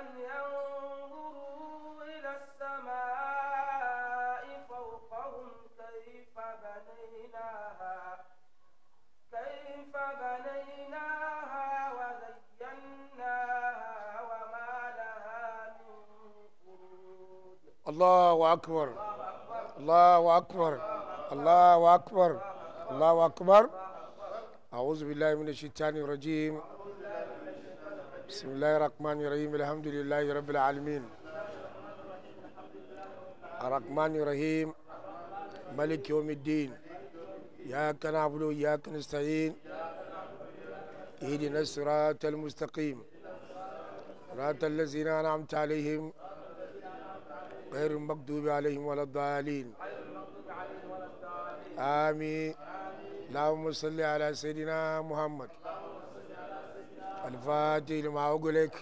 أن ينظروا إلى السماء فوقهم كيف بنيناها كيف بنيناها وزيناها وما لها من فروج الله أكبر الله أكبر الله أكبر الله أكبر أعوذ بالله من الشيطان الرجيم بسم الله الرحمن الرحيم الحمد لله رب العالمين الرحمن الرحيم ملك يوم الدين إياك نعبد وإياك نستعين اهدنا الصراط المستقيم صراط الذين أنعمت عليهم غير المغضوب عليهم ولا الضالين آمين اللهم صل على سيدنا محمد الفاتح لما أغلق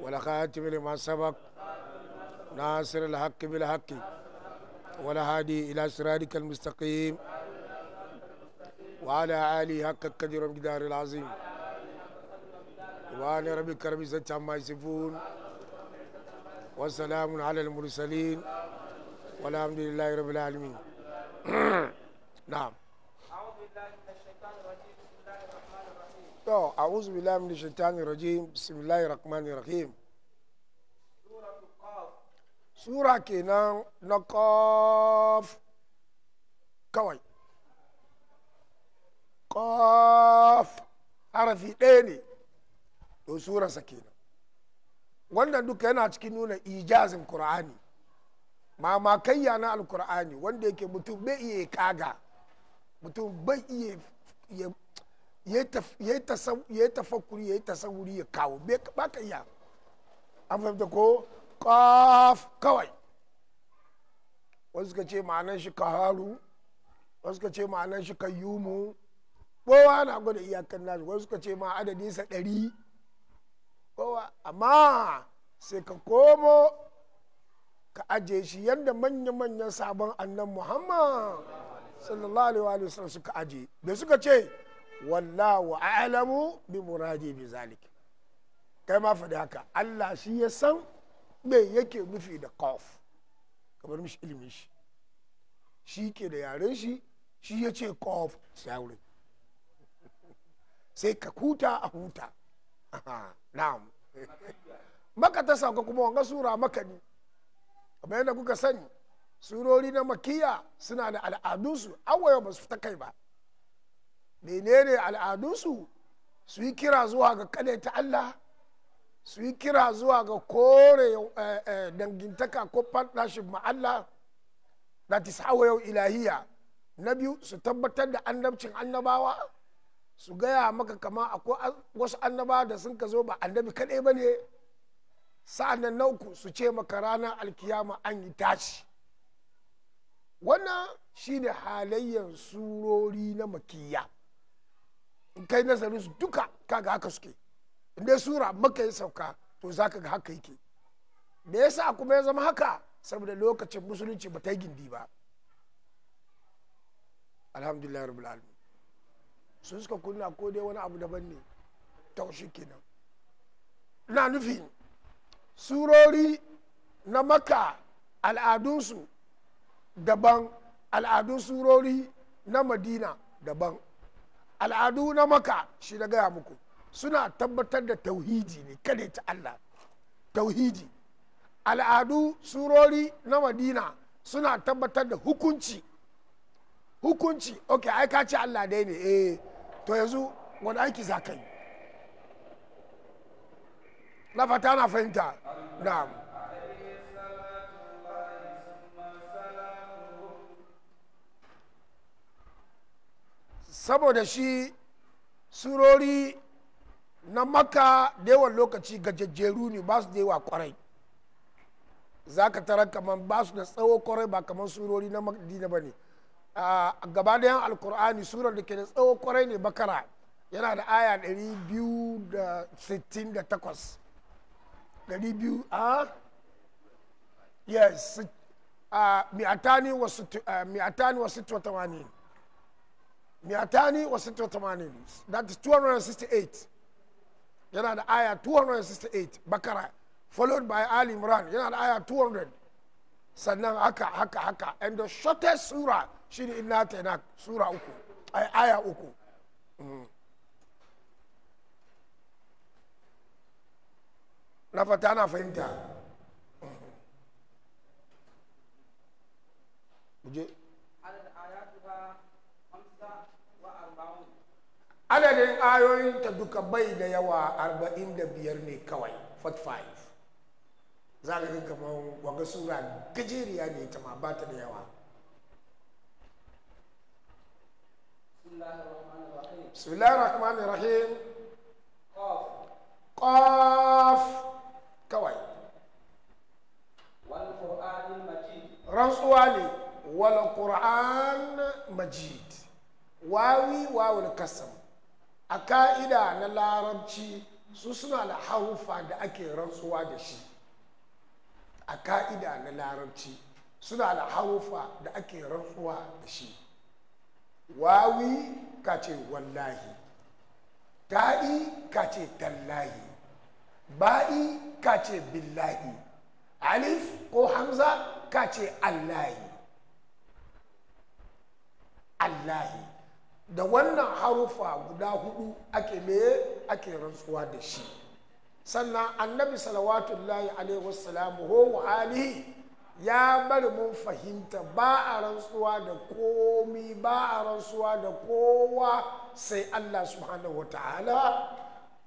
والخاتم لما سبق ناصر الحق بالحق هادي إلى صراطك المستقيم وعلى آله حق القدر ومقدار العظيم وعلى ربي رب ستة عما يصفون وسلام على المرسلين والحمد لله رب العالمين نعم to a'udhu billahi minash shaitanir rajim bismillahir rahmanir rahim sura kenan na kof kawai Kof harafi ɗaya ne to surarsa kenan wannan duka yana cikin nuna ijazin Kur'ani. mamakayya na alkur'ani wanda yake mutum bai iya kaga mutum bai iya ya yi tafakuri ya yi tasawuri ya kawo ba ka iya an fahimta ko kaf kawai wasu ka ce ma'anan shi haru, wasu ka ce ma'anan shi kayyumu kowa na gwada iyakan nashi wasu ka ce ma adadinsa ɗari kowa amma sai ka komo ka aje shi yadda manya-manyan sabon annan muhammad sallallahu alaihi wa sallam suka aje da suka ce wallahu a'lamu bi muradi bi zalik kai ma faɗi haka Allah shi ya san me yake nufi da qaf kamar mishi ilimin shi shi ke da yaren shi shi ya ce qaf sai sai ka huta a huta na'am maka ta sauka kuma wanga sura maka ne kamar yadda kuka sani surori na makiya suna da al'adunsu awwayo ba su fita kai ba menene al'adunsu su yi kira zuwa ga ta Allah su yi kira zuwa ga kore eh, eh, dangintaka ko partnership ma Allah na yau ilahiya na biyu su tabbatar da annabcin annabawa su gaya maka kama akwai wasu annabawa da sun ka zo ba annabi kaɗai ba ne sa'annan na uku su ce maka ranar alkiyama an yi tashi wannan shine halayyar surori na makiyya kai nazarin su duka kaga haka suke in dai sura maka ya sauka to za ka ga haka yake me yasa kuma ya zama haka saboda lokacin musulunci ba ta yi gindi ba alhamdulillah rabbil alamin sun suka kunna ko dai wani abu daban ne taushe kenan na nufi surori na maka al'adunsu daban al'adun surori na madina daban al'adu na maka shi na gaya muku suna tabbatar da tauhidi ne kada ta Allah tauhidi al'adu surori na madina suna tabbatar da hukunci hukunci ok ai ka ce Allah dai ne eh to yanzu wani aiki za ka yi na fata na fahimta saboda shi surori na maka da yawan lokaci jajjeru ne ba su da yawa kwarai za ka tara kamar ba su da tsawo kwarai ba kamar surori na madina ba ne a gaba da yan alkur'ani surar da ke da tsawo kwarai ne bakara yana da aya 268 200 a yes mi'atani wasu tawani miatani wa sita tamanini that is 268 yana da aya 268 bakara followed by ali imran yana da aya 200 sannan haka haka haka and the shortest sura shine inna tainak sura uku ay aya uku mm-hmm. na fata na fahimta mm-hmm. muje adadin ayoyin ta duka bai da yawa 45 ne kawai 45 five. ka ga kamar wanga sura gajeriya ne ta ma bata da yawa بسم الله الرحمن الرحيم قاف قاف كوي والقرآن المجيد رسولي والقرآن مجيد واوي واو القسم a ka'ida na larabci su suna da harufa da ake rantsuwa da shi a ka'ida na larabci suna da harufa da ake rantsuwa da shi wawi ka ce wallahi ta'i ka ce tallahi ba'i ka ce billahi alif ko hamza ka ce allahi allahi da wannan harufa guda hudu ake meye ake rantsuwa da shi sannan annabi salawatullahi alaihi wassalamu ho alihi ya bari mun fahimta ba a rantsuwa da komi ba a rantsuwa da kowa sai allah subhanahu wa ta'ala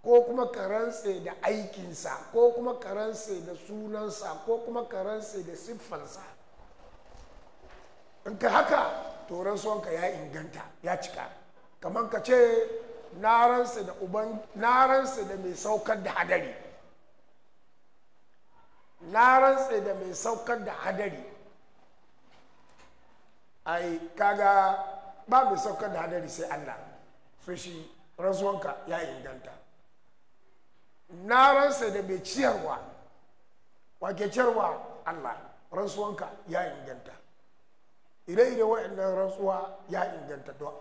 ko kuma ka rantse da aikinsa ko kuma ka rantse da sunansa ko kuma ka rantse da siffansa in ka haka to ka ya inganta ya cika kamar ka ce na da uban na da mai saukar da hadari na da mai saukar da hadari ai kaga ba mai saukar da hadari sai Allah so shi rantsuwanka ya inganta na da mai ciyarwa wake ciyarwa Allah rantsuwanka ya inganta ire-ire wa'annan rantsuwa ya inganta to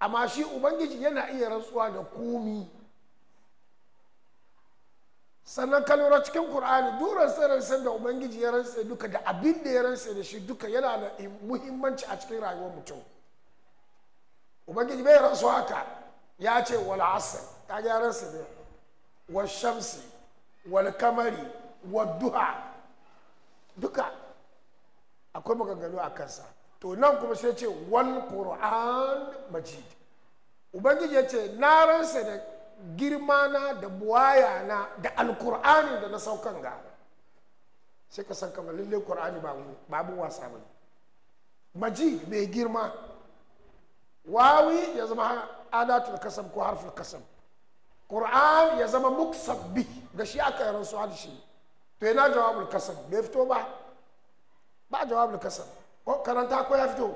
amma shi ubangiji yana iya rantsuwa da komi sannan kalura cikin cikin qur'ani duran san da ubangiji ya rantsa duka da abin da ya rantsa da shi duka yana da muhimmanci a cikin rayuwar mutum ubangiji bai rantsuwa haka ya ce wal asr ta ga rantsa ne wal shamsi wal kamari wal duha duka akwai maganganu a kansa to nan kuma sai ce wal qur'an majid ubangiji ya ce na ransa da girma na da buwaya na da alkur'ani da na saukan ga sai ka san kamar lalle qur'ani ba babu wasa ba majid mai girma wawi ya zama adatul kasam ko harful kasam qur'an ya zama bi da shi aka yi su da shi to yana jawabul kasam bai fito ba ba jawabul kasam karanta ko ya fito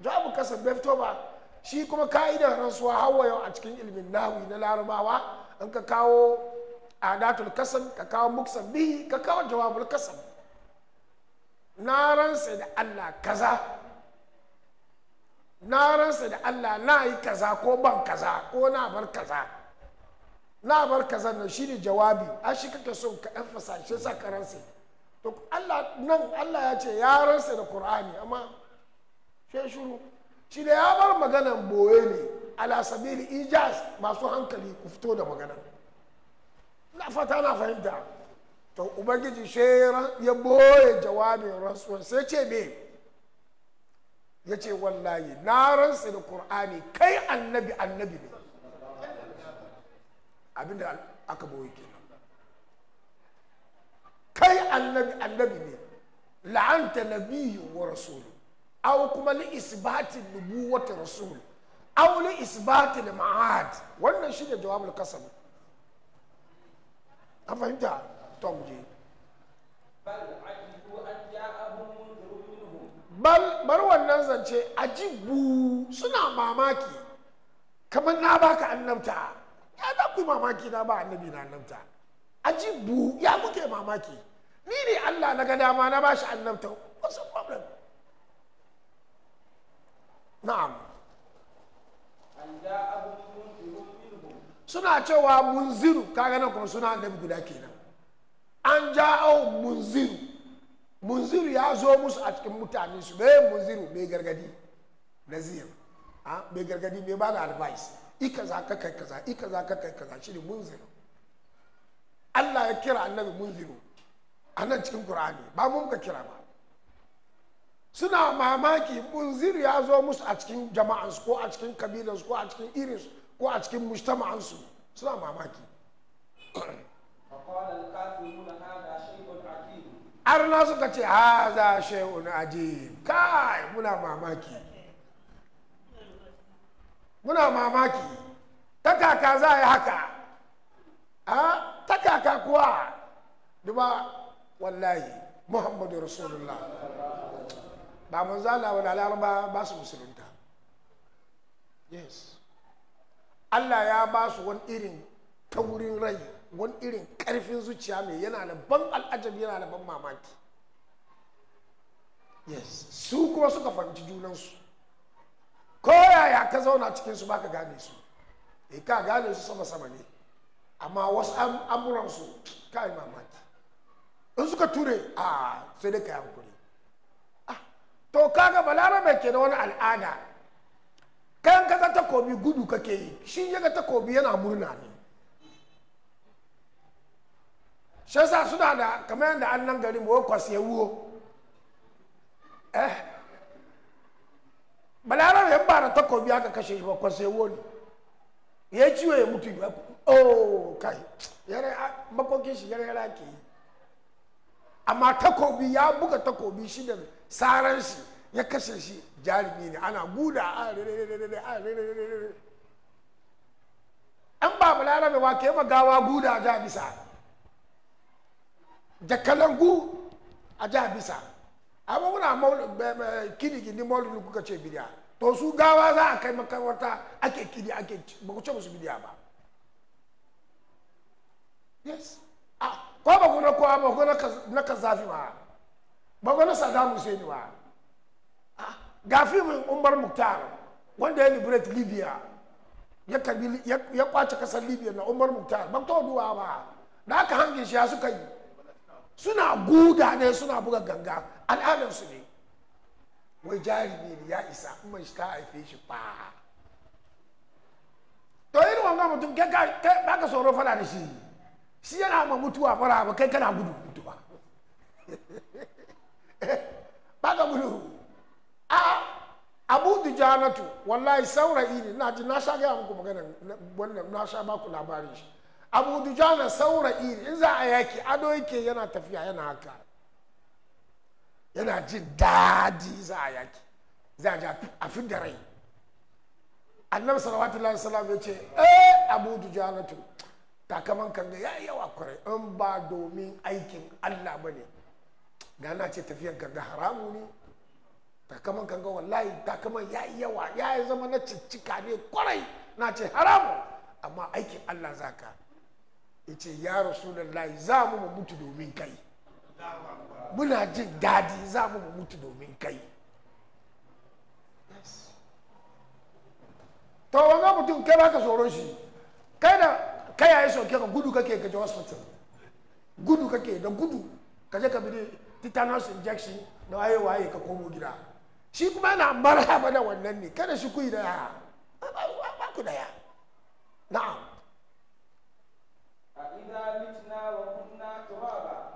jawabu kasa bai fito ba shi kuma ka'idar rantsuwa hawa yau a cikin ilimin nawi na larabawa in ka kawo adatul kasam ka kawo muksan bihi ka kawo jawabul kasam na ransa da allah kaza na ransa da allah na yi kaza ko ban kaza ko na bar kaza na bar kaza nan ne jawabi a shi kake son ka emphasize shi sa ka ransa to Allah nan Allah ya ce ya da Qur'ani amma sai shuru shi da ya bar maganan boye ne ala sabili ijaz masu hankali ku fito da magana na fata na fahimta to ubangiji she ya boye jawabin rasuwan sai ce me ya ce wallahi na ransa da Qur'ani kai annabi annabi ne abinda aka boye kenan kai annabi annabi ne la'anta nabiyyu wa rasulu aw kuma li isbati nubuwati rasul aw li isbati ma'ad wannan shine jawabul kasab an fahimta to mu je bal bar wannan zance ajibu suna mamaki kamar na baka annabta ya da ku mamaki na ba annabi na annabta ajibu ya muke mamaki ni ne Allah na ga dama na bashi annabta what's the problem na'am suna cewa munziru kaga nan kuma suna annabi guda kenan an ja au munziru munziru ya zo musu a cikin mutane su bai munziru mai gargadi nazir a ah, mai gargadi mai ba da advice ika za ka kai kaza ika za ka kai kaza shi ne munziru Allah ya kira annabi munziru a nan cikin Qur'ani ba mun ka kira ba suna mamaki munziru ya zo musu a cikin jama'ansu ko a cikin kabilansu ko a cikin irinsu ko a cikin mujtama'ansu suna mamaki arna suka ce haza na ajib kai muna mamaki muna mamaki ta kaka za a yi haka ha. Ah, ta kaka kuwa duba wallahi muhammadu rasulullah ba mun zala wani laraba ba su musulunta yes allah ya ba su wani irin taurin rai wani irin karfin zuciya mai yana da ban al'ajabi yana da ban mamaki yes su kuma suka fahimci junansu ko yaya ka zauna cikinsu ba ka gane su e ka gane su sama sama ne amma wasu amuransu kai mamaki in suka ture a sai dai ka hankuri ah, to kaga balarabe ke da wani al'ada kayan kaga takobi gudu kake yi shi yaga takobi yana murna ne shi suna da kamar yadda an nan gari mu kwasi ya wuwo eh balarabe ba da takobi aka kashe shi ba kwasi ya wuwo ne ya ciwo ya mutu ba oh kai yare makokin shi yare yara ke yi amma takobi ya buga takobi shi da saran shi ya kashe shi jarumi ne ana guda a rere a rere an ba balarabe wa ke magawa guda a ja bisa jakalangu a ja bisa amma muna kini gindi maulidi kuka ce bidiya to su gawa za a kai makarwata ake kidi ake ba ku ce musu bidiya ba yes ko ba ku na kowa ba ku na kazafi ba ba ku na saddam hussein ba ga filmin umar muktar wanda ya liberate libya ya kwace kasar libya na umar muktar ba ta duwa ba da aka hange shi ya suka yi suna guda ne suna buga ganga al'adarsu ne wai jarumi ne ya isa kuma shi ta haife shi fa to irin wanga mutum kai ba ka tsoro fara da shi shi yana ma mutuwa fara ba kai kana gudu mutuwa ba ka gudu a abu dujanatu wallahi saura iri na ji na sha gaya muku magana wannan na sha baku labarin shi abu dujana saura iri in za a yaki ado yake yana tafiya yana haka yana jin daɗi za a yaki za a fi da rai annabi salawatu alaihi salam ya ce eh abu dujanatu takaman kan ya yi yawa kwarai in ba domin aikin allah ba ne na ce tafiyan ganga haramu ne takaman kan wallahi takaman ya yi yawa ya zama na ciccika ne kwarai na ce haramu amma aikin allah za ka ya ce ya rasu layi za mu mutu domin kai muna jin daɗi za mu mutu domin kai to wanga mutum kai baka tsoron shi kai da kai yayi soke ka gudu kake ka je hospital gudu kake da gudu ka je ka bi tetanus injection da waye waye ka komo gida shi kuma na maraba da wannan ne kada shi kuyi da ya ba ku da ya na'am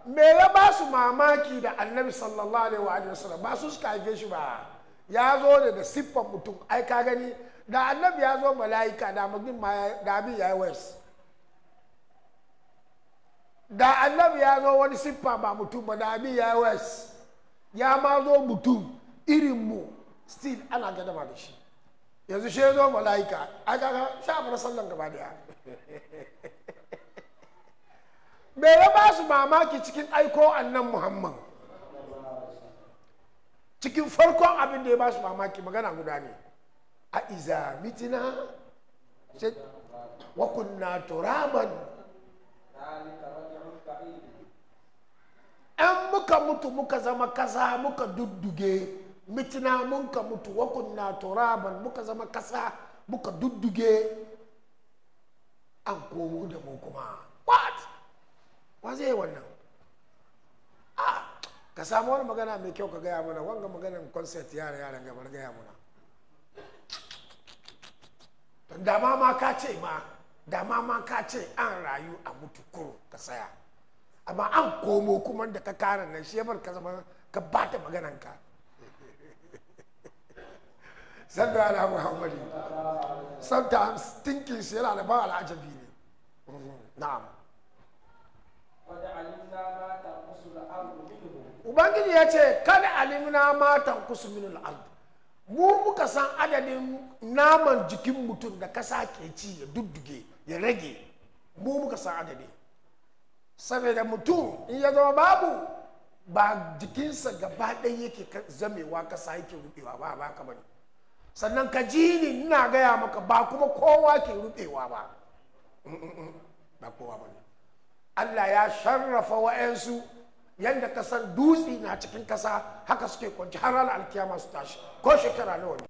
me ya ba su mamaki da annabi sallallahu alaihi wa wasallam ba su suka haife shi ba ya zo da da siffan mutum ai ka gani da annabi ya zo mala'ika da magin ma da abin ya yi wes da annabi ya zo wani siffa ba mutum ba da abin ya yi wes ya ma zo mutum irin mu still ana gadama da shi yanzu shi ya zo mala'ika ai kaga sha fara sallan gaba daya me ya ba su mamaki cikin aiko annan muhammad cikin farkon abin da ya ba su mamaki magana guda ne a iza mitina wa kunna turaban ‘yan muka mutu muka zama kasa muka dudduge mitina muka mutu wa kunna turaban muka zama kasa muka dudduge an komo da mu kuma wa zai yi wannan a ka samu wani magana mai kyau ka gaya mana wanga maganan concert yara yaran gabar gaya mana don dama ma ka ce ma dama ma ka ce an rayu a mutu kuro ka saya amma an komo kuma da ka kara nan shi bar ka zama ka bata magananka ka sanda ala muhammadi sometimes thinking shi yana da ba al'ajabi ne na'am Ubangiji ya ce, Kada alimna matan kusu minul ardu. Mu muka san adadin naman jikin mutum da kasa ke ci ya dudduge ya rage. Mu muka san adadin. Saboda mutum in ya zama babu ba jikinsa gaba ɗaya yake zamewa kasa yake rubewa ba ba ka bane. Sannan ka ji ni ina gaya maka ba kuma kowa ke rubewa ba. Mm, mm, mm. Ba kowa bane. Allah ya sharrafa wa'ansu yadda ka san dutse na cikin kasa haka suke kwanci har ranar alkiyama su tashi ko shekara nawa ne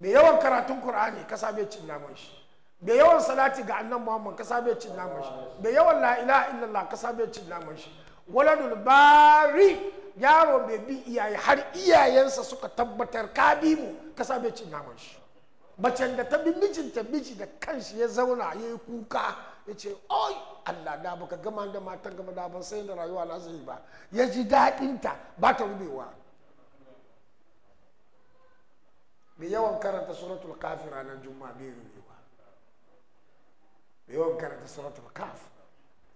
mai yawan karatun qur'ani kasa bai cin naman shi mai yawan salati ga annan muhammad kasa bai cin naman shi mai yawan la ilaha illallah kasa bai cin naman shi waladul bari yaro mai bi iyaye har iyayensa suka tabbatar ka bi mu kasa bai cin naman shi macen da ta bi mijinta miji da kanshi ya zauna ya yi kuka ya ce oi Allah da baka gama da matan gama da ban sai da rayuwa na zai ba ya ji daɗinta ba ta rubewa mai yawan karanta suratul kafi ranar Juma bai rubewa mai yawan karanta suratul kaf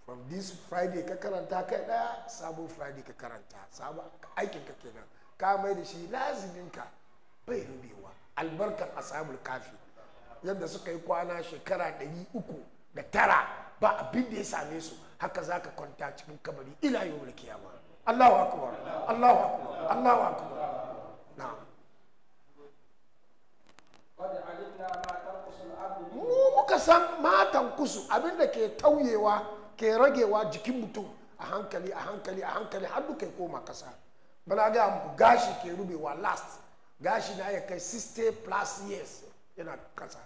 from this friday ka karanta kai daya sabon friday ka karanta sabon aikin ka kenan ka mai da shi laziminka bai rubewa albarkar asabul kafi yadda suka yi kwana shekara 300 da tara ba abin da ya same su haka za ka kwanta cikin kabari ila yau da kiyama Allahu akbar Allahu akbar Allahu akbar na'am mu muka san matan kusu abin da ke tauyewa ke ragewa jikin mutum a hankali a hankali a hankali har duka koma kasa bana ga mu gashi ke rubewa last gashi na ya kai 60 plus years yana kasa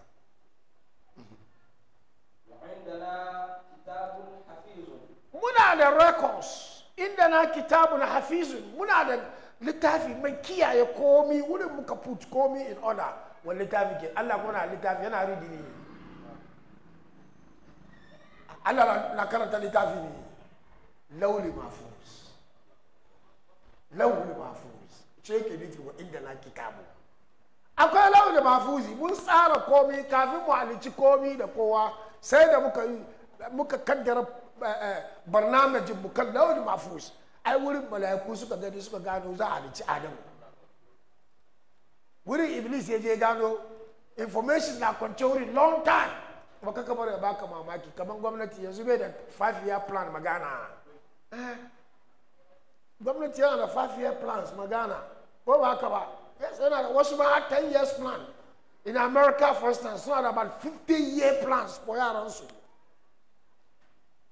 muna da records inda na kitabu na hafizun muna da littafi mai kiyaye komi wurin muka put komi in order wani littafi ke Allah kuma na littafi yana ridi ne Allah na karanta littafi ne lauli mafuz lauli mafuz ce ke nufi wa inda na kitabu akwai lauli mafuzi mun tsara komi kafin mu halici komi da kowa sai da muka yi muka kaddara Eh, eh, barnamijin mukal lawal mafus ai wurin mala'iku suka gani suka gano za a halicci adam wurin iblis ya je gano information na kwance long time kuma kaka bar ya baka mamaki kamar gwamnati yanzu bai da five year plan magana eh, gwamnati yana da five year plans magana ko ba haka ba yana da wasu ma 10 years plan in america for instance suna da about 50 year plans for yaransu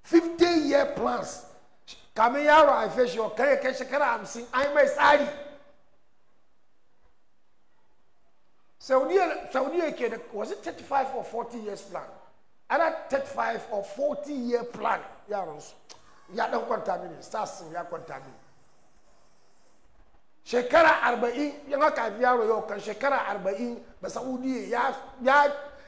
fifty year plans kàmi yàrá àìfẹsọ kẹrẹkẹ ṣẹkẹrẹ àmsìn àìmọ ìsáàrì saudi saudi eke de was it thirty five or forty years plan ana thirty five or forty year plan yàrá nso yàrá nkọntamini sars yàrá nkọntamini shekara arba'in yana kafi yaro yau kan shekara arba'in ba saudi ya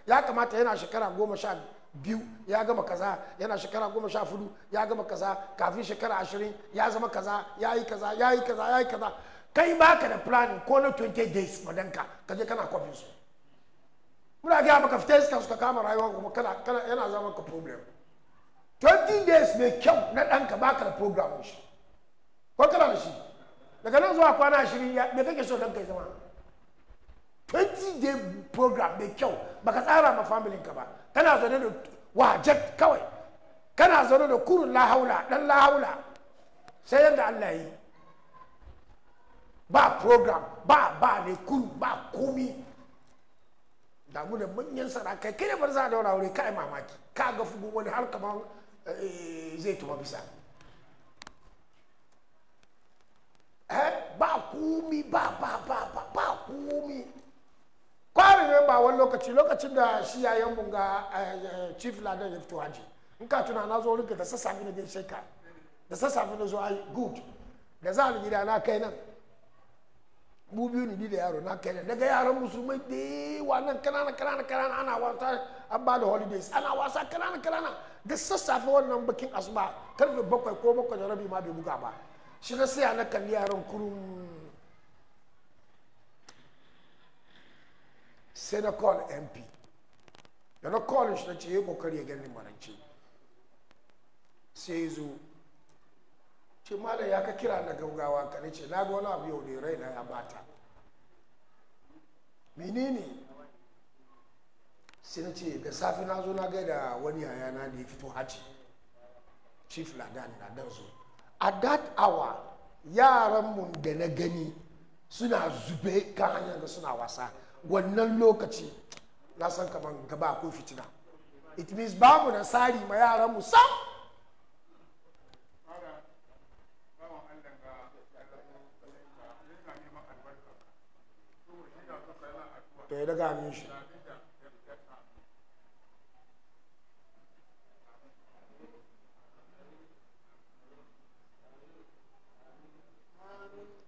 ya kamata yana shekara goma sha biyu biyu ya gama kaza yana shekara goma sha fudu ya gama kaza kafin shekara ashirin ya zama kaza ya yi kaza ya yi kaza ya yi kaza kai ba ka da planning ko na 20 days madanka ka je kana kwafin su muna gaya maka fita iska suka kama rayuwa kuma kana kana yana zama ka problem 20 days mai kyau na danka ba ka da program shi ko kana da shi daga nan zuwa kwana ashirin ya me kake so danka ya zama 20 day program mai kyau baka tsara ma familinka ba kana zaune da wajen kawai kana zaune da kurun lahaula dan lahaula sai yadda Allah yi ba program ba ba ne kuru ba komi damu da manyan sarakai kai ne bar za a daura wuri kai mamaki ka ga fugu wani har kamar eh, zai tuma bisa eh, ba komi ba ba ba ba komi ba wani lokaci lokacin da shi yayan mun ga eh, eh, chief ladan ya fito haji in ka tuna na zo rinka da sassafe na bin sheka da sassafe na zo ayi good da za ni gida na kai nan mu biyu ni da yaro na kai nan daga yaran musulmai da yawa nan kanana kanana kanana ana wasa an ba da holidays ana wasa kanana kanana da sassafe wannan bakin asuba karfe bakwai ko bakwai da rabi ma bai buga ba shi na siya na kalli yaran kurum sai na call mp da na call shi na ce ya kokari ya gani marance sai zo ce malam ya ka kira na gaugawa ka ce na ga wani abu yau ne na ya bata menene sai na ce da safe na zo na ga da wani yayana da ya fito haji chief ladan na dan zo a that hour yaran mun da na gani suna zube kan hanyar da suna wasa wannan lokaci na san kamar gaba ko fitina it means babu na tsari ma yaran mu sam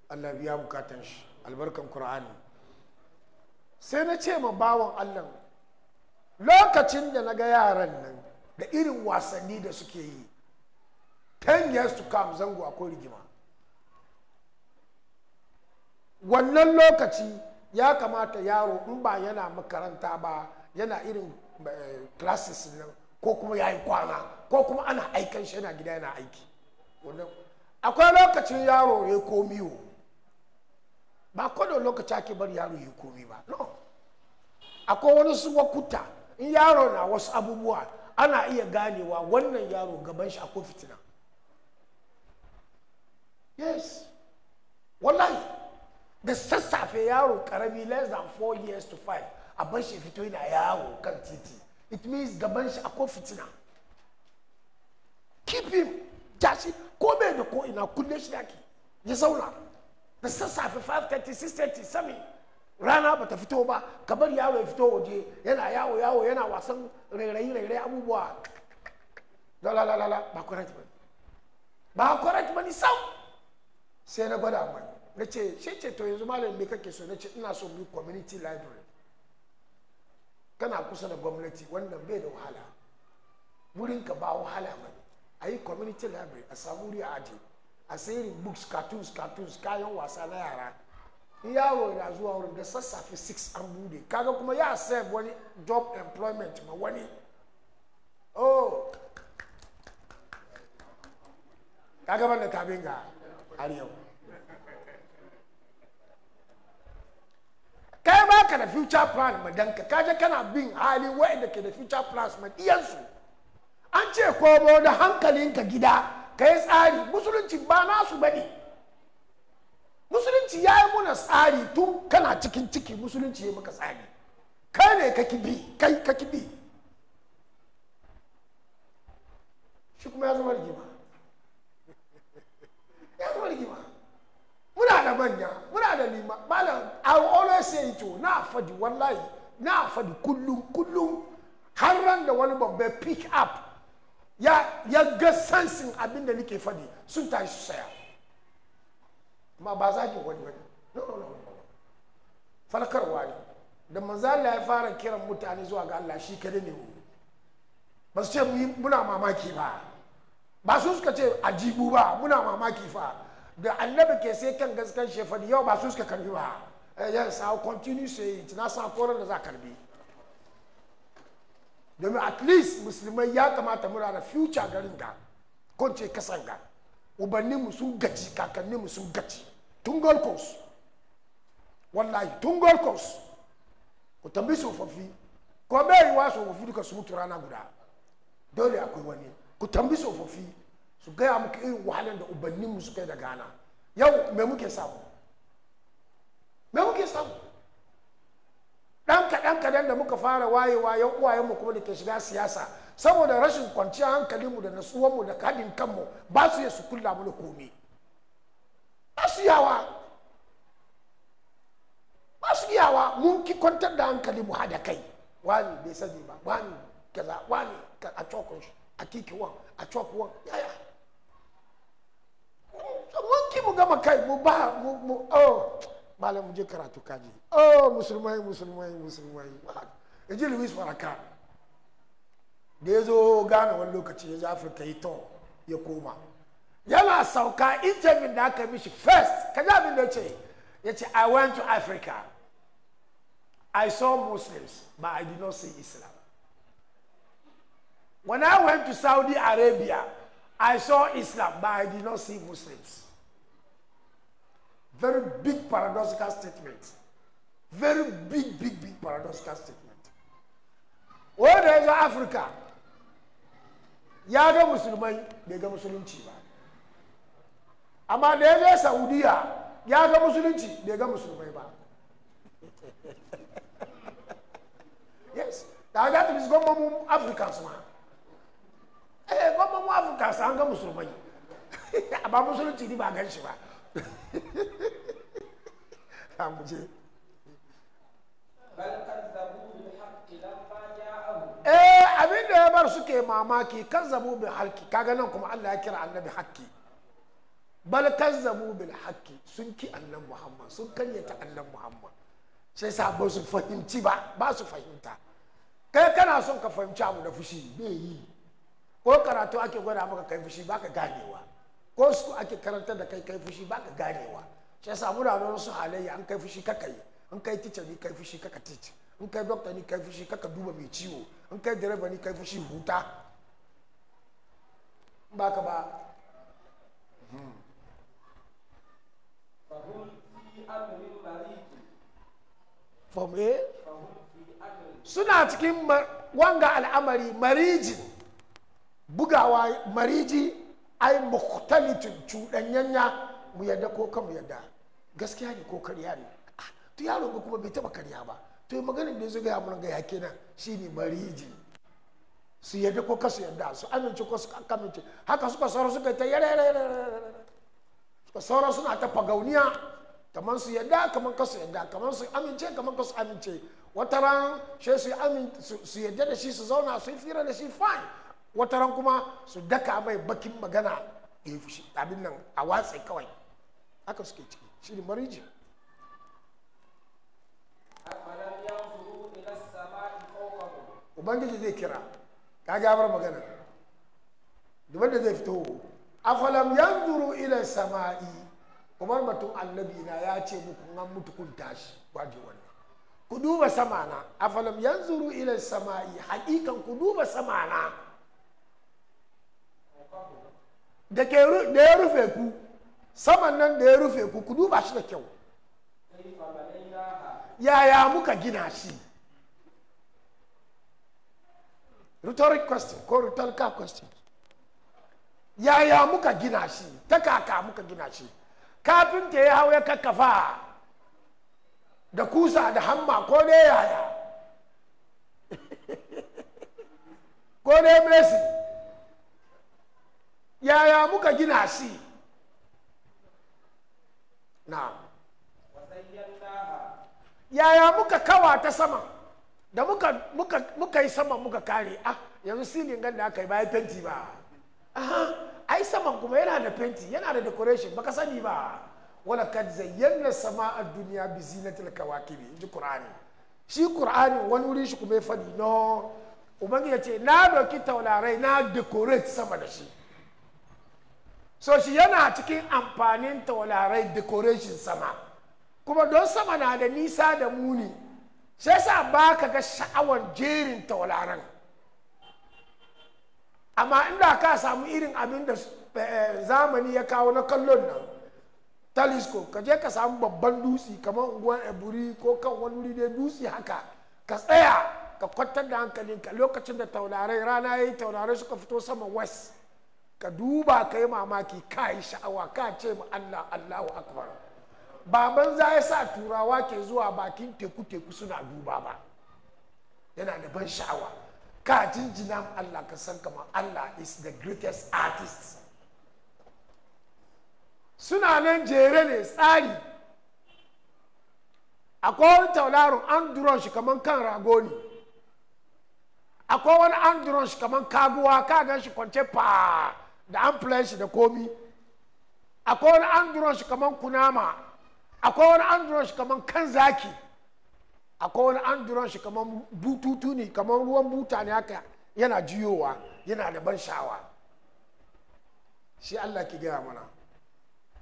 Allah biya bukatan shi albarkan Qur'ani sai na ce ma bawan allah lokacin da na ga yaran nan da irin wasanni da suke yi 10 years to come zango akwai rigima wannan lokaci ya kamata yaro in ba yana makaranta ba yana irin eh, classes nan ko kuma ya yi kwana ko kuma ana aikan shi yana gida yana aiki akwai lokacin yaro ya komi ba kodon lokaci ake bar yaro ya komi ba no akwai wani su wakuta in yaro na wasu abubuwa ana iya ganewa wannan yaro gaban shi akwai fitina yes wallahi da sassafe yaro karami less than four years to five a ban shi fito yana yawo kan titi it means gaban shi akwai fitina keep him jashi ko bai da ko ina kulle shi yake ya zauna da sassafe 5:30 6:30 7 rana ba ta fito ba ka bar yaro ya fito waje yana yawo yawo yana wasan rairayi rairayi abubuwa lalalala ba correct ba ba correct ba sam sai na gwada mai na ce shi ce to yanzu malam me kake so na ce ina so mu community library kana kusa da gwamnati wannan bai da wahala wurin ka ba wahala ba a yi community library a samu a aji a sayi books cartoons cartoons kayan wasa na yara yawo na zuwa wurin da sassafe 6 an bude kaga kuma ya serve wani job employment ma wani oh kaga ban da tabin ga har yau kai ba ka da future plan ma danka kaje kana bin hali da ke da future plans ma diyansu an ce komo da ka gida ka yi tsari musulunci ba nasu bane musulunci ya yi muna tsari tun kana cikin ciki musulunci ya maka tsari kai ne kaki bi kai kaki bi shi kuma ya zama rigima ya zama rigima muna da manya muna da lima malam i always say to na fadi wallahi na fadi kullum kullum har ran da wani babban pick up ya ya ga sansin abin da nake fadi sun tashi su saya amma ba za ki wani wani no no no falkarwa ne da manzo Allah ya fara kiran mutane zuwa ga Allah shi kada ne mu ba su ce muna mamaki ba ba su suka ce ajibu ba muna mamaki fa da annabi ke sai kan gaskan shefa yau ba su suka karbi ba eh, yes I'll continue saying na sa koran da za karbi domin at least musulmai ya kamata muna da future garin ga ko ce kasan ga ubanninmu sun gaji kakanninmu sun gaji tun gold coast wallahi tun gold ku tambi tsofaffi ko bai wasu tsofaffi duka su mutu rana guda dole akwai wani ku tambi tsofaffi su gaya muka yi wahalar da ubanninmu suka yi da gana yau me muke samu me muke samu ɗan kaɗan kaɗan da muka fara wayewa yan mu kuma da ke shiga siyasa saboda rashin kwanciyar hankalinmu da natsuwanmu da kadin kanmu ba su yi su kulla mana komi ba su yawa ba su yawa mun ki kwantar da hankalinmu hada kai wani bai sani ba wani kaza wani a cokon shi a kikiwan a cokwan yaya mun ki mu gama kai mu ba mu mu oh malam mu je karatu kaji oh musulmai musulmai musulmai ji luis faraka da ya wani lokaci ya to ya koma yana sauka interview da aka mishi first ka abin da i went to africa i saw muslims but i did not see islam when i went to saudi arabia i saw islam but i did not see muslims very big paradoxical statement very big big big paradoxical statement Where is africa ya ga musulmai bai ga musulunci ba amma da ya je saudiya ya ga musulunci bai ga musulmai ba yes da ga ta tafi gwamnatin afirka su ma eh gwamnatin afirka su an ga musulmai amma musulunci ni ba gan shi ba ha muje an da eh abin da ya bar suke mamaki kan zabu bil haqqi kaga nan kuma Allah ya kira annabi haki bal zabu bil haki sun ki annan Muhammad sun karyata annan Muhammad sai sa ba su fahimci ba ba su fahimta kai kana son ka fahimci abu da fushi bai yi ko karatu ake gwada maka kai fushi baka ganewa ko su ake karanta da kai kai fushi baka ganewa sai sa muna da wasu halayya an kai fushi kakai an kai tica ni kai fushi kaka tica in kai dokta ni kai fushi kaka duba mai ciwo in kai direba ni kai fushi huta ba ka ba eh? suna cikin wanga al'amari mariji bugawa mariji ai mukhtalitin cuɗanyanya mu yadda ko kan mu yadda gaskiya ne ko karya ne ah, to yaro ba kuma bai taba karya ba to maganin da su gaya mun ga yake nan shine mariji su yadda ko kasu yadda su amince ko su kamince haka suka sauro suka ta yare yare yare suka sauro suna ta fagauniya kamar su yadda kamar kasu yadda kamar su amince kamar kasu amince wata ran she su su yadda da shi su zauna su yi fira da shi fine wata ran kuma su daka mai bakin magana abin nan a watsai kawai haka suke ciki shi ne ubangiji zai kira ka gabar magana da wanda zai fito afalam yanzuru ila sama'i umar batun annabi na ya ce muku an mutu kun tashi waje wannan ku duba samana afalam yanzuru ila sama'i hakikan ku duba sama na da ya rufe ku saman nan da ya rufe ku ku duba shi da kyau yaya muka gina shi rhetoric question ko rhetorical question yaya muka gina shi ta kaka muka gina shi kafinta ya hau ya kakkafa da kusa da hamma ko dai yaya ko dai blessing yaya muka gina shi na yaya muka kawa ta sama da muka muka muka yi sama muka kare ah yanzu silin gan da aka yi bayan fenti ba aha ai saman kuma yana da fenti yana da decoration baka sani ba wala kad zayyana sama'a dunya bi zinatil kawakibi ji qur'ani shi qur'ani wani wurin shi kuma ya fadi no ubangi ya ce na doki taularai na decorate sama da shi so shi yana cikin amfanin taularai decoration sama kuma don sama na da nisa da muni sai sa ba ka ga sha'awar jerin taularan amma inda ka samu irin abin da eh, zamani ya kawo na kallon nan telescope ka je ka samu babban dutse kamar unguwar eburi ko kan wani wuri dai dutse haka ka tsaya ka kwantar da ka lokacin da taurarai rana ya yi taurarai suka fito sama west ka duba ka yi mamaki ka yi sha'awa ka ce ma allah allahu akbar baban za ya sa turawa ke zuwa bakin teku-teku suna duba ba yana da ban sha'awa ka jinjina Allah ka san kama Allah is the greatest artist suna nan jere ne tsari akwai wani Taularun Andron shi kamar kan rago ne akwai wani Andron shi kamar kaguwa ka gan shi kwance fa da an shi da komi akwai wani Andron shi kamar kunama akwai wani an shi kamar kan zaki akwai wani an shi kamar bututu ne kamar ruwan buta ne haka yana jiyowa yana da ban sha'awa shi Allah ki gaya mana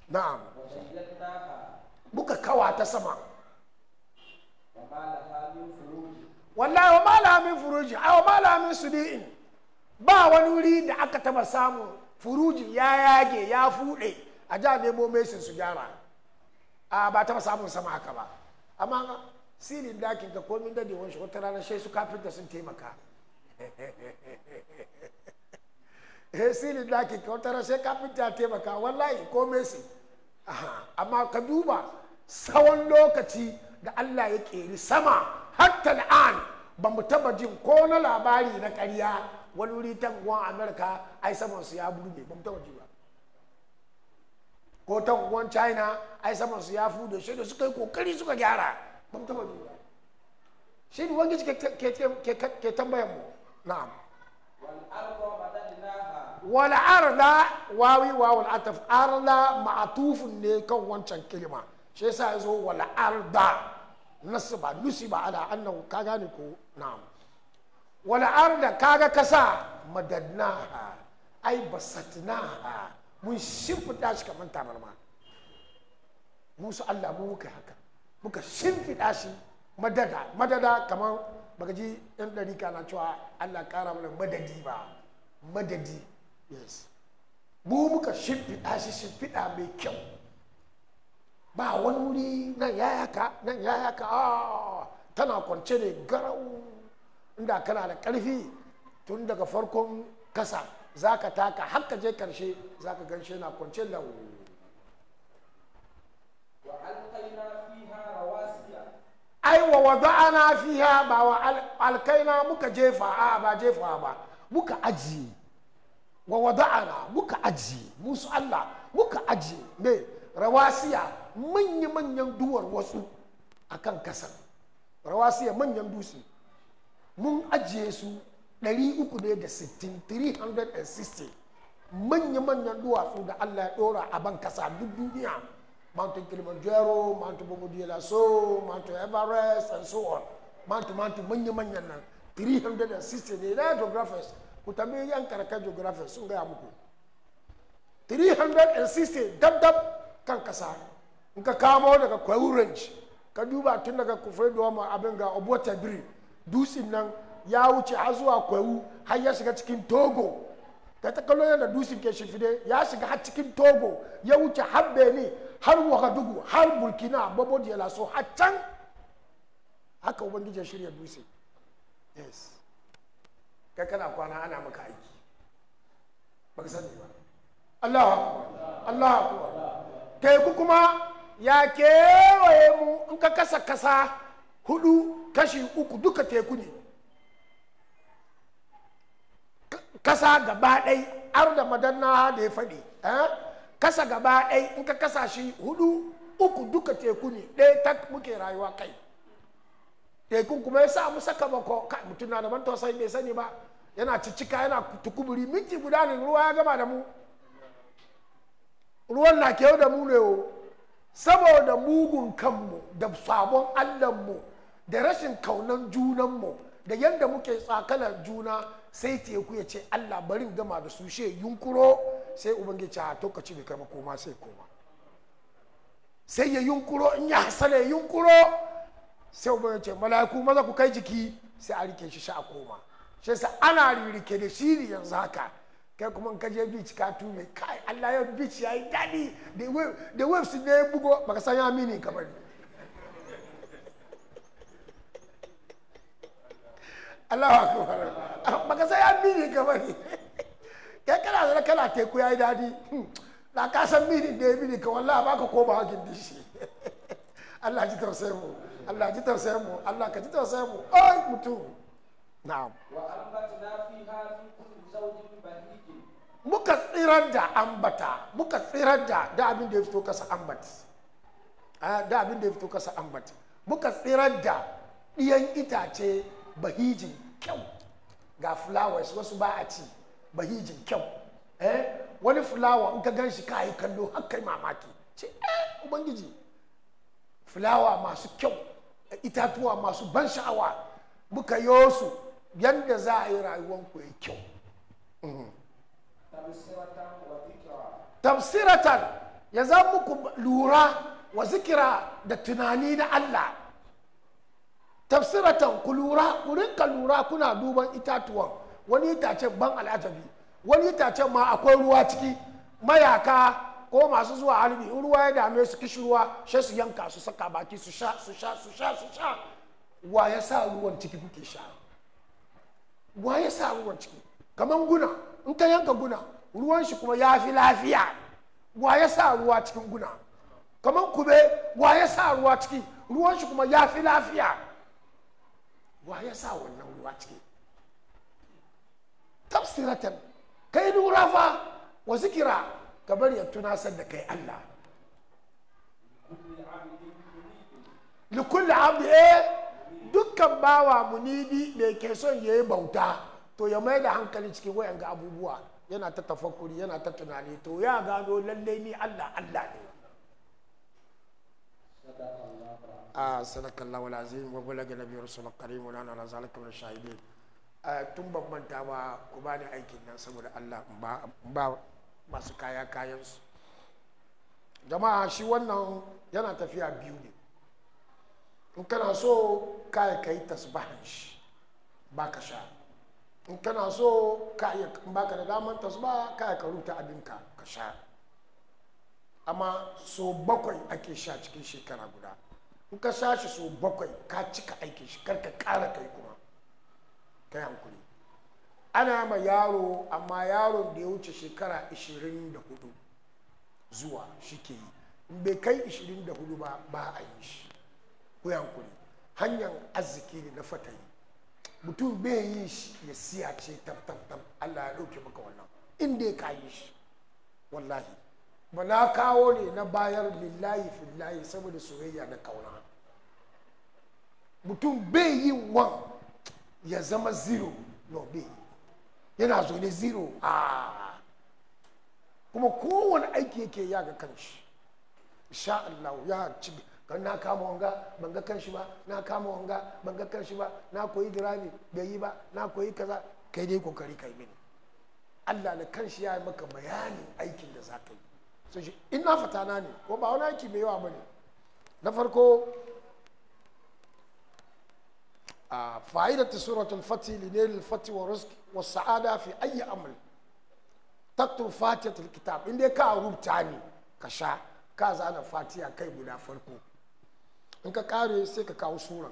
na'am muka kawa ta sama wallahi wa malamin min furuji aw mala min sudi'in ba wani wuri da aka taba samu furuji ya yage ya fude a ja nemo mesin su gyara a ba ta samun sama haka ba amma silin dakin ka komin dadewan shi wata rana shai su kafinta sun taimaka he eh, silin dakin ka wata rana shai kafinta taimaka wallahi komai su amma ka duba tsawon lokaci da Allah ya keri sama hatta an ba mu taba jin ko na labari na karya wani wuri ta guwan amurka ai saman su ya burge ba mu taba jin ko ta tankon china ai saman su ya fudo shi da suka yi kokari suka gyara ba mu taba duba shi ne wani ke tambayar mu na'am wal arda wawi wawul ataf arda ma'atufun ne kan wancan kilima shi yasa yazo wal arda nusi nusiba ala annahu ka gane ko na'am wal arda kaga kasa madadnaha ai basatnaha mun shimfiɗa shi kamar tabarma su Allah mu muka haka muka shimfiɗa shi madada madada kamar baka ji ɗan ɗari kana cewa Allah ƙara mana madadi ba madadi yes mu muka shimfiɗa shi shimfiɗa mai kyau ba wani wuri nan ya yaka nan ya yaka a tana kwance ne garau inda kana da ƙarfi tun daga farkon kasa za ka taka har ka je karshe za ka ganshe na kwance lau ai wa fi fiha ba wa alkaina muka jefa a ba jefa ba muka aji wa ana muka aji musu Allah muka aji ne rawasiya manya-manyan duwar wasu akan kasar rawasiya manyan dusi mun ajiye su ɗari uku ne da sittin 360 manya-manyan duwatsu da allah ya ɗora a ban kasa duk duniya mountain kilimanjaro Mount bobo de la so Mount everest and so on mountain mountain manya-manyan nan 360 ne na geographers ku tambayi yan karkar geographers sun gaya muku 360 dab-dab kan kasa in ka kamo daga kwayo range ka duba tun daga kufai da abin ga obuwa tabiri dutsen nan ya wuce har zuwa kwayu har ya shiga cikin togo ka ta kallon yadda dusin ke shifide ya shiga har cikin togo ya wuce har benin har wakadugu har burkina babo da laso har can haka ubangiji ya shirya dutse yes kai kana kwana ana maka aiki baka sani ba Allahu allah Allahu akbar teku kuma ya kewaye mu in ka kasa kasa hudu kashi uku duka teku ne kasa gaba ɗai ar da madanna da ya faɗi eh? kasa gaba ɗai in ka kasa shi hudu uku duka teku ne ɗaya tak muke rayuwa kai tekun kuma ya sa mu saka bako mutum na da tausayi bai sani ba yana cicika yana tukuburi minti guda ne ruwa ya gama da mu ruwan na kewa da mu ne o saboda mugun kanmu da sabon allahnmu da rashin kaunan junanmu da yadda muke tsakalar juna sai teku ya ce Allah bari gama da su she yunkuro sai ce a to ka ci bai kai koma sai koma sai ya yunkuro in ya hasale ya yunkuro sai ubangi ce mala'iku maza ku kai jiki sai a rike shi sha a koma shi sa ana ririke da shi ne yanzu haka kai kuma in ka beach ka tume kai Allah ya beach yayi daɗi da waves ne ya bugo baka san ya mini kamar Allahu akbar ah, baka sai an mini ka bane kai kana da kana ku yayi dadi na hmm. ka san mini da ya mini ka wallahi baka ko ba hakin dishi Allah ji tausayin mu Allah ji tausayin mu Allah ka ji tausayin mu ai mutum na'am wa ambatna fi min kulli zawjin bahijin muka tsirar da ambata muka tsirar da da abin da ya fito kasa ambat ah, da abin da ya fito kasa ambata. muka tsirar da ɗiyan itace bahijin kyau ga flowers wasu ba a ci bahijin kyau eh wani flower in ka gan shi ka yi kallo har kai mamaki ce eh ubangiji flower masu kyau itatuwa masu ban sha'awa muka yi su yadda za a yi ku mm-hmm. ya kyau tafsiratan ya za muku lura wa zikira da tunani na Allah tafsiratan ku lura ku rinka lura kuna duban itatuwan wani itacen ban al'ajabi wani itacen ma akwai ruwa ciki mayaka ko masu zuwa halbi in ruwa ya dame su kishi ruwa shi su yanka su saka baki su sha su sha su sha su sha wa ya sa ruwan ciki kuke sha wa ya sa ruwan ciki kamar guna in ka yanka guna ruwan shi kuma ya fi lafiya wa ya sa ruwa cikin guna kamar kube wa ya sa ruwa ciki ruwan shi kuma ya fi lafiya wa ya sa wannan ruwa ciki tafsiratan kai lura fa wa zikira ka bari ya tunasar da kai Allah likulli abdi eh dukkan bawa munibi da ke son yayi bauta to ya mai da hankali cikin wayan ga abubuwa yana ta tafakkuri yana ta tunani to ya gano lallai ni Allah Allah ne a sadakallahu alazim wa balaga nabi rasul karim wa ana zalika min shahidin tun ban manta ba ku ba ni aikin nan saboda Allah ba masu kaya kayansu jama'a shi wannan yana tafiya biyu ne in kana so kaya kai tasbahin shi baka sha in kana so kaya baka da daman tasba kaya ka rubuta abinka ka sha amma so bakwai ake sha cikin shekara guda in ka sha shi so bakwai ka cika aikin shi karka kara kai kuma ta hankuri ana ma yaro amma yaro da ya wuce shekara 24 zuwa shi ke yi in bai kai 24 ba ba a yi shi ku yankuri hanyar arziki ne na fatayi mutum bai yi shi ya siya ce tam allah ya ɗauke maka wannan inda ya ka yi shi wallahi ba na kawo ne na bayar lillahi fillahi saboda soyayya na kauna mutum bai yi wan ya zama zero no bai yana zo ne zero a kuma kowane aiki yake ya ga kanshi insha Allah ya ci kan na kama wanga ban ga kanshi ba na kama wanga ban ga kanshi ba na koyi dirami bai yi ba na koyi kaza kai dai kokari kai mini Allah da kanshi ya yi maka bayanin aikin da za ka yi so shi in na fata na ne ko ba wani aiki mai yawa ba ne na farko a fa'idar ta suratul fati linelil fati wa ruski wa sa'ada fi ayi amri taktun fatiyatul kitab in dai ka rubuta ne ka sha ka zana fatiya kai guda farko in ka kare sai ka kawo sura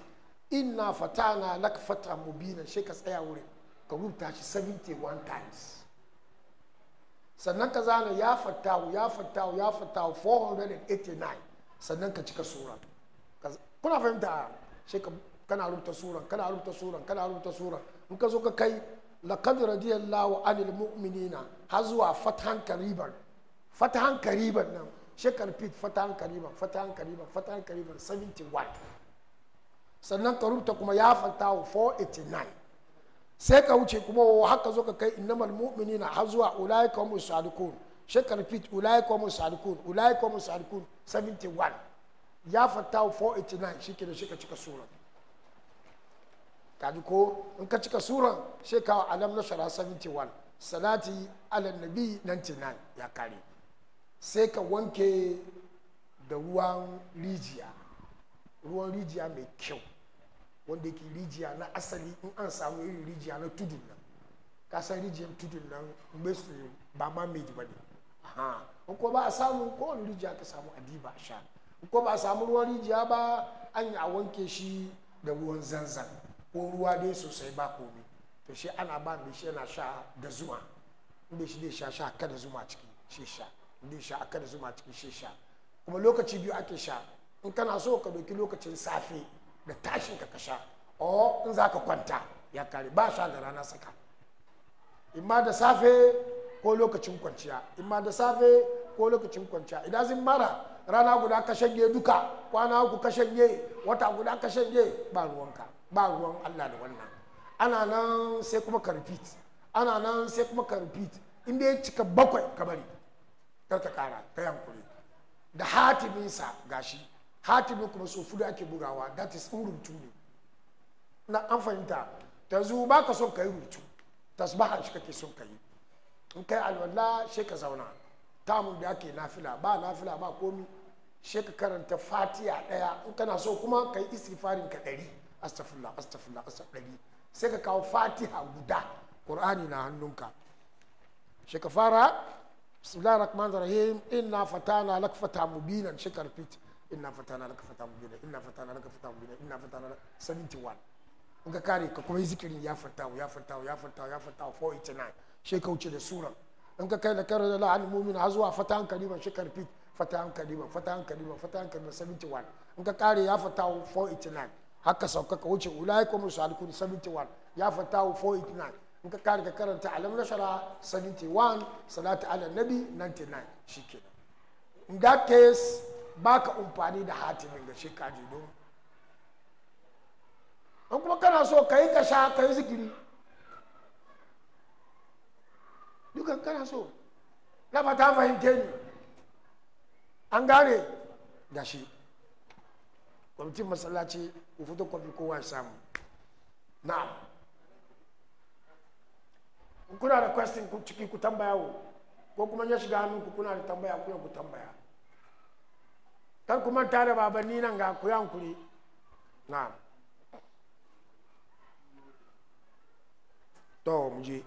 inna fatana lak fata mubina sai ka tsaya wurin ka rubuta shi 71 times sannan ka zana ya fattahu ya fattahu ya fattahu 489 sannan ka cika sura kuna fahimta shi kana rubuta suran kana rubuta suran kana rubuta suran in ka zo ka kai laqad radiyallahu anil mu'minina har zuwa fathan kariban fathan kariban nan shekar fit fatan kariban fatan kariban fatan kariban 71 sannan ka rubuta kuma ya fatawo 489 sai ka wuce kuma wa haka zo ka kai innamal mu'minina har zuwa ulaika hum salikun shekar fit mu sadikun ulai ka mu sadikun 71 ya fatta 489 shike da shika cika sura kaji ko in ka cika suran sai alam na shara 71 salati ala nabi 99 ya kare sai ka wanke da ruwan rijiya ruwan rijiya mai kyau wanda yake rijiya na asali in an samu irin rijiya na tudun nan kasan rijiyar tudun nan mesu ba ma mai ba ne in ko ba a samu kowane rijiya ka samu adiba a sha in ko ba a samu ruwan rijiya ba an yi a wanke shi da ruwan zanzan ko ruwa dai sosai ba komai to shi ana ba mai shi yana sha da zuma in bai shi dai sha sha da zuma ciki shi sha in dai sha da zuma ciki shi sha kuma lokaci biyu ake sha in kana so ka doki lokacin safe da tashin ka kasha o oh, in za ka kwanta ya kare ba sha da rana saka imma da safe ko lokacin kwanciya imma da safe ko lokacin kwanciya idan zin mara rana guda ka duka kwana uku ka wata guda ka ba ruwanka ba ruwan Allah da wannan ana nan sai kuma ka repeat ana nan sai kuma ka repeat in ya cika bakwai ka bari kar ka kara ka yankuri da sa gashi Hati hatimi kuma so fudu ake bugawa that is in rubutu ne na an fahimta zu ba ka son ka yi rubutu tasbaha shi kake son ka yi in kai alwala shi ka zauna ta mu da ake nafila ba nafila ba komi shi ka karanta fatiya daya in kana so kuma ka yi istighfarin ka dari astafullah astafullah astafullah sai ka kawo fatiha guda Ƙur'ani na hannunka shi ka fara bismillahir rahmanir rahim inna fatana lak fata binan shi karfit ina fata na raka fata mubina fata na raka fata mubina inna fatana laka 71 in ka kare ka kuma yi zikirin ya fatahu ya fata ya fatahu ya fatahu 489 shi ka wuce da sura in ka kai da kare da la'an mumin har zuwa fata an kaliban shi ka repeat fata an kaliban fata an kaliban fata an kaliban 71 in ka kare ya fatahu 489 haka sauka ka wuce kuma su musalikun 71 ya fatahu 489 in ka kare ka karanta alam nashara 71 salatu ala nabi 99 shikenan in that case ba ka amfani da hatimin ga shekaji don in kuma kana so ka yi kasha ka yi zikiri dukan kana so na ba ta fahimce ni an gane da shi kwamitin masallaci ku fito kwafi kowa samu na'am kuna da question ku ciki ku tambaya ko kuma ya shiga hannunku kuna da tambaya kuna ku tambaya kar kuma tare babanni nan ga ku yankuri na to mu je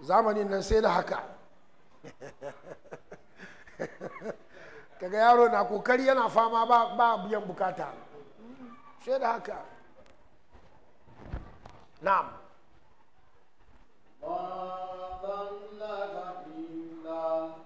zamanin nan sai da haka kaga yaro na kokari yana fama ba ba biyan bukata sai da haka na'am وَأَنزَلْنَا مِنَ الْمَاءِ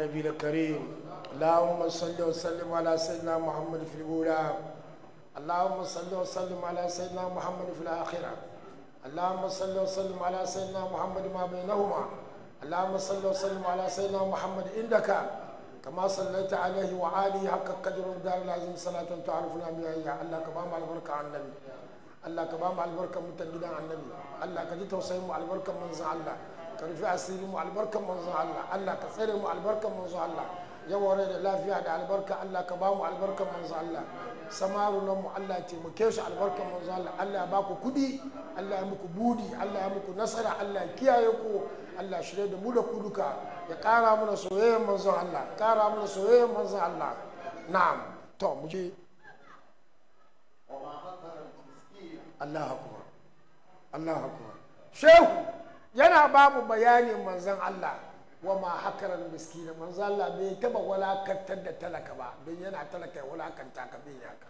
النبي الكريم اللهم صل وسلم على سيدنا محمد في الأولى اللهم صل وسلم على سيدنا محمد في الآخرة اللهم صل وسلم على سيدنا محمد ما بينهما اللهم صل وسلم على سيدنا محمد عندك كما صليت عليه وعلي حق قدر دار العظيم صلاة تعرفنا بها الله كبام البركة عن النبي الله كبام البركة متجدا عن النبي الله كجيت وسلم على البركة من الله ka rufi asiri mu albarkan manzon Allah Allah ka tsare mu albarkan manzo Allah Yawan rai da lafiya da albarka Allah ka ba mu albarkan manzon Allah samaru nan mu Allah ya taimake su albarkan manzo Allah Allah ya ba ku kudi Allah ya muku budi Allah ya muku nasara Allah ya kiyaye ku Allah shirye da mu da ku duka ya kara mana soyayyen manzon Allah kara mana soyayyen manzon Allah na'am to mu je babu bayanin manzan Allah wa ma hakaran miskina manzan Allah bai taba walakantar da talaka ba don yana talaka ya walakanta ka bin yaka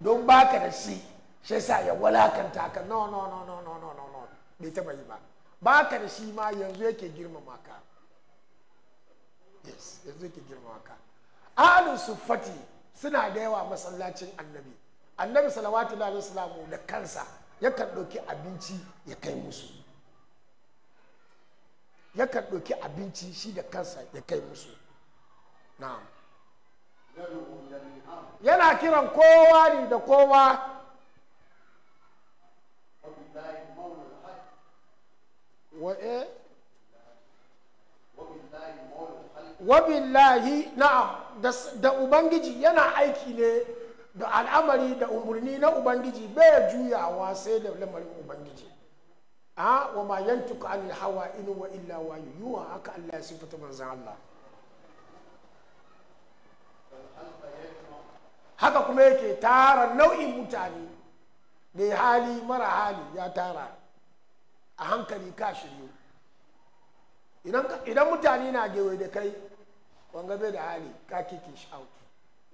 don baka da shi shi sa ya walakanta ka no no no no no no no no bai taba yi ba baka da shi ma yanzu yake girmama ka yes yanzu yake girmama ka ahlus sufati suna da yawa masallacin annabi annabi salawatu alaihi da kansa yakan ɗauki abinci ya kai musu yakan ɗauki abinci shi da kansa ya kai musu na'am yana kiran kowa ne da kowa wa'e eh? wabillahi na'am da ubangiji yana aiki ne da al'amari da umarni na ubangiji bai juyawa sai da lamarin ubangiji a wa ma yantiku anil hawa in wa illa wa yuwa haka Allah ya sifata manzon Allah haka kuma yake tara nau'in mutane mai hali mara hali ya tara a hankali ka shiryu idan mutane na gewe da kai wanga bai da hali ka kiki shi out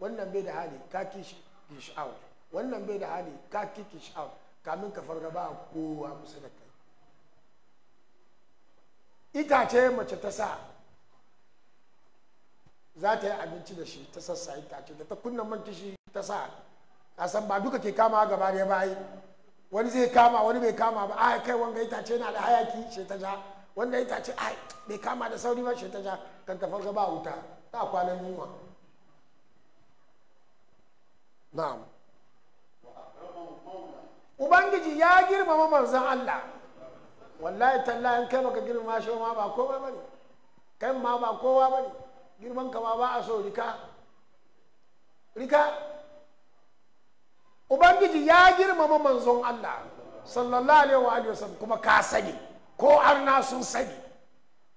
wannan bai da hali ka kiki shi out wannan bai da hali ka kiki shi out kamin ka fargaba kowa musa da itace mace ta sa za ta yi abinci da shi ta sassa itace da ta kunna man kishi ta sa san ba duka ke kama gaba da bayi wani zai kama wani bai kama ba a kai wanga itace na da hayaki shi ta ja wanda itace ai bai kama da sauri ba shi ta ja kan ta farga ba wuta ta kwanan yunwa na'am ubangiji ya girmama manzon Allah wallahi talla in kai baka girma shi ma ba kowa bane kai ma ba kowa bane girman ka ma ba a so rika rika ubangiji ya girmama manzon Allah sallallahu alaihi wa alihi wasallam kuma ka sani ko arna sun sani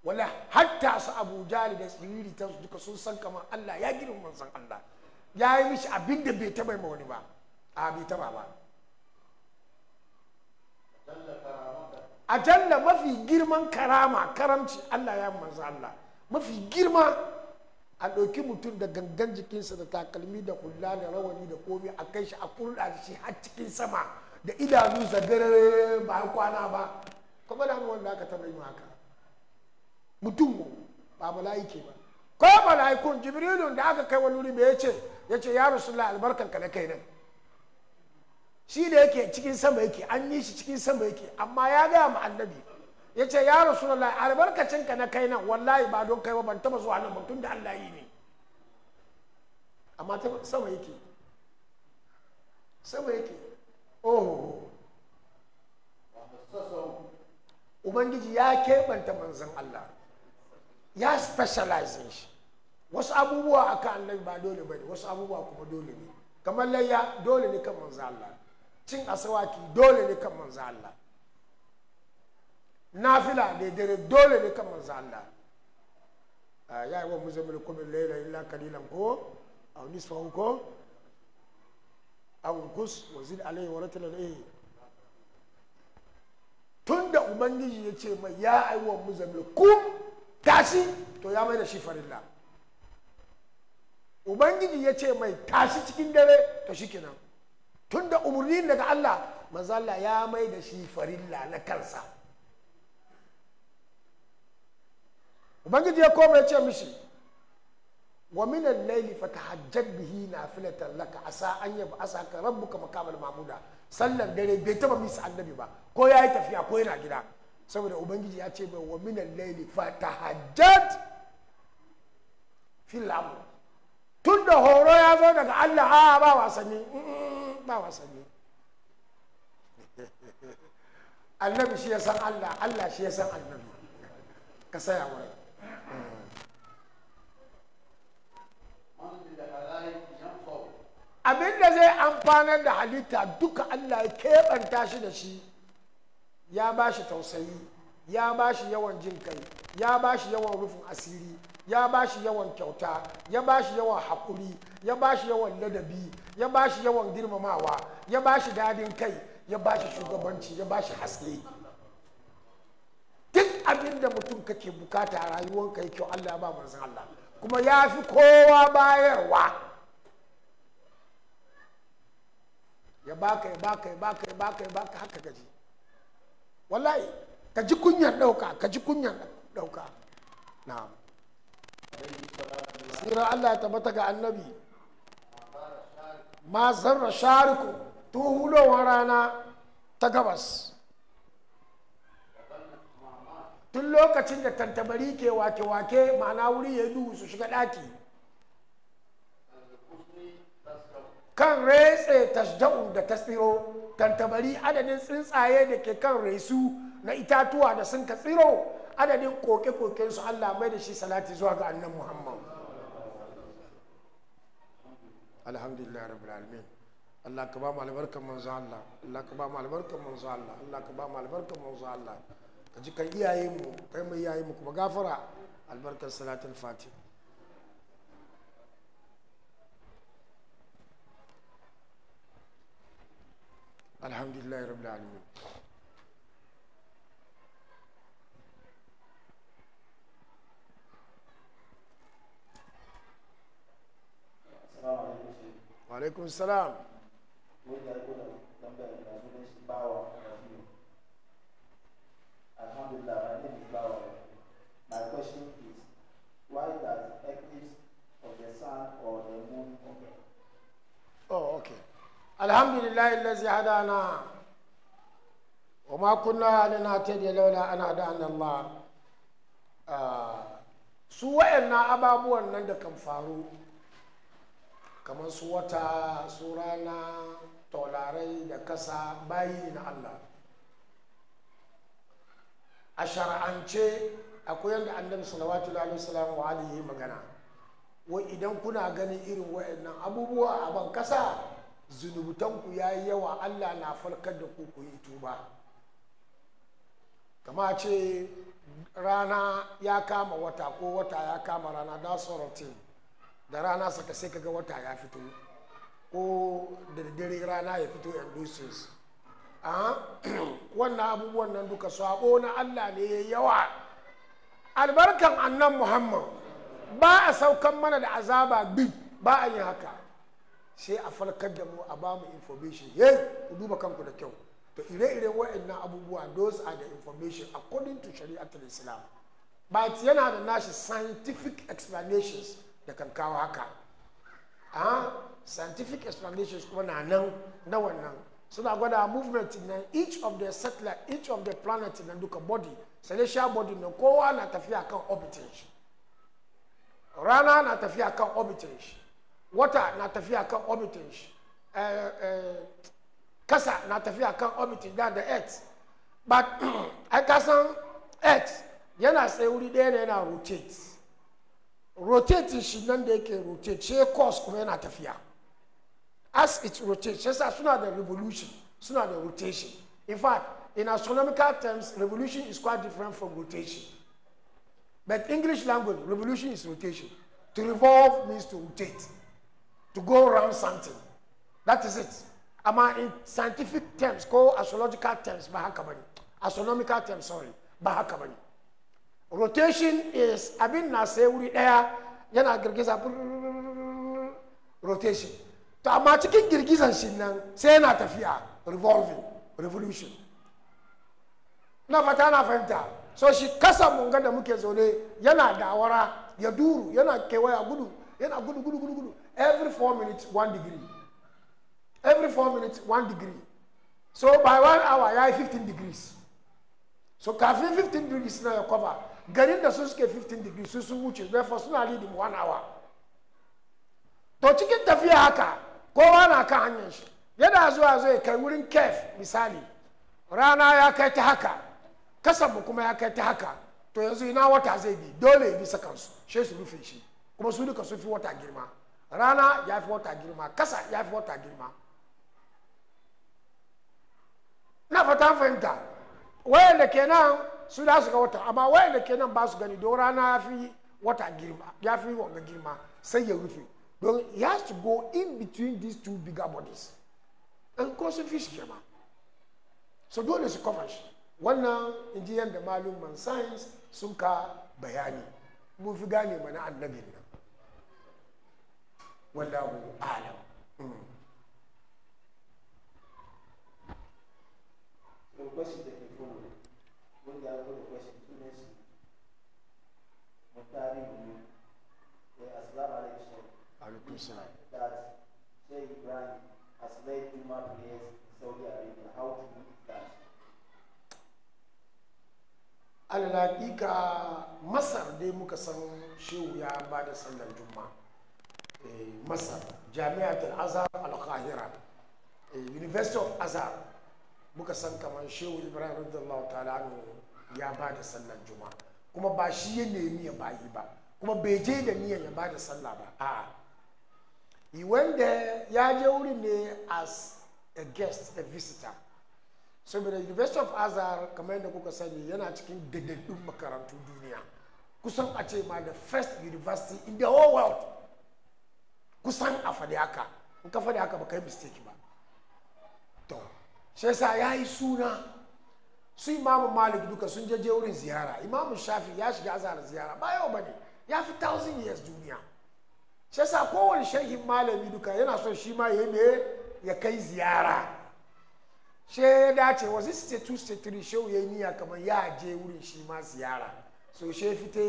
wala hatta su Abu Jali da siriritan su duka sun san kamar Allah ya girmama manzon Allah ya yi mishi abin da bai taba ma wani ba a bai taba ba a jalla mafi girman karama karamci Allah ya manzo Allah mafi girma a ɗauki mutum da gangan jikinsa da takalmi da kula da rawani da komi a kai shi a kurɗa shi har cikin sama da idanu zagarare ba kwana ba kuma da wanda aka taɓa yi haka mutum ba mala'ike ba ko mala'ikun jibrilun da aka kai wani wuri me yace yace ya la albarkanka na kai nan shi da yake cikin sama yake an yi shi cikin sama yake amma ya gaya ma annabi ya ce ya rasulallah albarkacinka na kai nan wallahi ba don kai ba ban taba zuwa nan ba tun da allah yi ne amma ta sama yake sama yake oho ubangiji ya keɓanta manzan allah ya specialize shi wasu abubuwa akan annabi ba dole ba ne wasu abubuwa kuma dole ne kamar layya dole ne kan manzan allah cin asawaki dole ne kan manzo Allah nafila da dare dole ne kan manzo Allah ya yi wa muzammil kuma laila illa kalilan ko a wani nisfahu ko a kus wa zid alaihi wa ratulal eh tun da ubangiji ya ce mai ya yi wa muzammil kum tashi to ya mai da shi farilla ubangiji ya ce mai tashi cikin dare to shi kenan tunda umarnin daga Allah Mazalla ya mai da shi farilla na kansa ubangiji ya koma ya ce mishi wa min al-layli fatahajjad bihi nafilatan laka asa an asa asaka rabbuka maqamal mahmuda sallan dare bai taba misa annabi ba ko yayi tafiya ko yana gida saboda ubangiji ya ce mai wa min al-layli fatahajjad fil amr tunda horo ya zo daga Allah a ba wasanni ba wasanni annabi shi ya san Allah Allah shi ya san annabi ka saya wurin abin da zai amfanar da halitta duka Allah ya keɓanta shi da shi ya ba shi tausayi ya ba shi yawan jin kai ya ba shi yawan rufin asiri ya ba shi yawan kyauta ya ba shi yawan haƙuri ya ba shi yawan ladabi ya ba shi yawan girmamawa ya ba shi dadin kai ya ba shi shugabanci ya ba shi haske duk abin da mutum kake bukata a ka yi kyau Allah ya ba manzon Allah kuma ya fi kowa bayarwa ya baka ya baka ya baka ya baka ya baka haka gaji wallahi ka ji kunyar ɗauka ka ji kunyar ɗauka na'am tsira Allah ya tabbata ga annabi ma zarra shariku tun rana ta gabas tun lokacin da tantabari ke wake-wake ma'ana wuri ya duhu su shiga ɗaki kan retse tashda'un da tasiro tantabari adadin tsuntsaye da ke kan resu na itatuwa da sun ka tsiro adadin koke su allah mai da shi salati zuwa ga annan muhammad alhamdulillah rabbil alamin Allah ka ba mu manzo Allah Allah ka ba mu manzo Allah Allah ka ba mu manzo Allah ka ji kan iyaye mu kai mu iyaye mu kuma gafara albarkar salatul fatih alhamdulillah rabbil alamin wa salam Alhamdulillah, my name Bawa. My question is, why the sun or moon Oh, okay. الذي هدانا وما كنا لنهتدي لولا أن هدانا الله su wa'annan ababuwan nan da kan faru kamar su wata su rana taularai da kasa bayi na allah a shara'ance akwai yadda annabi salawatu alaihi salamu wa alihi magana wai idan kuna ganin irin wa'annan abubuwa a ban kasa zunubutanku ya yi yawa allah na farkar da ku ku yi tuba kama ce rana ya kama wata ko wata ya kama rana da sorotin da rana saka sai kaga wata ya fito ko da dare rana ya fito yan a ah, wannan abubuwan nan duka sabo na Allah ne ya yawa albarkan annan muhammad ba a saukan mana da azaba bi ba a yi haka sai a falkar da mu a ba mu information ya ku duba kanku da kyau to ire-ire wa'annan abubuwa those are the information according to shari'atul islam but yana da nashi scientific explanations da kan kawo haka a scientific explanations kuma na nan na wannan suna gwada movement na each of the satellite each of the planet na duka body celestial body na kowa na tafiya kan orbitin shi rana na tafiya kan orbitin shi wata na tafiya kan orbitin shi eh, eh, kasa na tafiya kan orbitin da da earth but a kasan earth yana tsaye wuri ɗaya na yana rotate rotating shi nan da yake rotate shi course kuma yana as it rotates as soon as the revolution as the rotation in fact in astronomical terms revolution is quite different from rotation but english language revolution is rotation to revolve means to rotate to go around something that is it i in scientific terms called astrological terms ba astronomical terms sorry ba rotation is abin na sai wuri ɗaya yana girgiza rotation to amma cikin girgizan shi nan sai yana tafiya revolving revolution na fata na fahimta so shi kasa munga da muke zaune yana dawara ya duru yana kewaya gudu yana gudu gudu gudu gudu every four minutes one degree every four minutes one degree so by one hour ya yi 15 degrees so kafin 15 degrees na ya cover garin da su suke 15 degrees su sun wuce therefore suna leading one hour to cikin tafiya haka kowa na kan hanyar shi yana zuwa zai kai wurin kef misali rana ya kai ta haka mu kuma ya kai ta haka to yanzu ina wata zai bi dole ya bisa kansu shi su rufe shi kuma su duka su fi wata girma rana ya fi wata girma kasa ya fi wata girma na fata fahimta wayanda kenan su da su ga wata amma wayanda kenan ba su gani don rana ya fi wata girma ya fi wanga girma sai ya rufe don he has to go in between these two bigger bodies and cause fish girma so dole su cover shi wannan injiyan da malumman science sun ka bayani mun fi gane mana annabin nan wallahu alam mm. Então, wanda ya eh, masar dai muka san shehu ya ba da sallar juma'a eh, masar jami'atul azhar al-qahira eh, university of azhar muka san kamar shehu ibrahim radiyallahu ta'ala anhu ya ba da sallar juma'a kuma ba shi ya nemi ya bayi ba kuma bai je da niyan ya ba da sallah ba a'a wanda ya je wuri ne as a guest a visitor saboda university of azhar kamar yadda kuka sani yana cikin dadaddun makarantu duniya kusan a ce ma the first university in the whole world kusan a faɗi haka in ka faɗi haka ba kai mistake ba to shi yasa ya yi suna su imamu malik duka sun jeje wurin ziyara imamu shafi ya shiga azhar ziyara ba yau bane ya fi thousand years duniya shi yasa kowane shehin malami duka yana son shi ma ya me ya kai ziyara she ya dace wasu state two state three shehu ya yi niyya kamar ya je wurin shi ma ziyara so she fita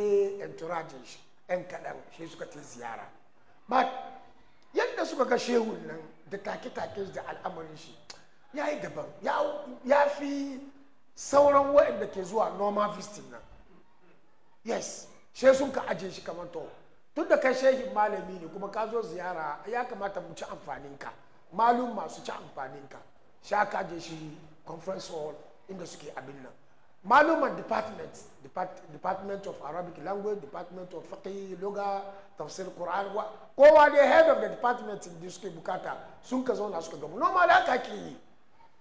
entourage shi yan kaɗan she suka ta ziyara but yadda suka ga shehun nan da take-take da al'amarin shi ya yi daban ya fi sauran waɗanda ke zuwa normal visiting nan yes shi sun ka ajiye shi kamar to tun da kai shehin malami ne kuma ka zo ziyara ya kamata mu ci amfanin ka malum masu ci amfanin ka sha ka ajiye shi conference hall inda suke abin nan maluman department department of arabic language department of fiqh loga tafsir qur'an kowa dai head of the department da suke bukata sun ka zauna suka gamu normal haka ke yi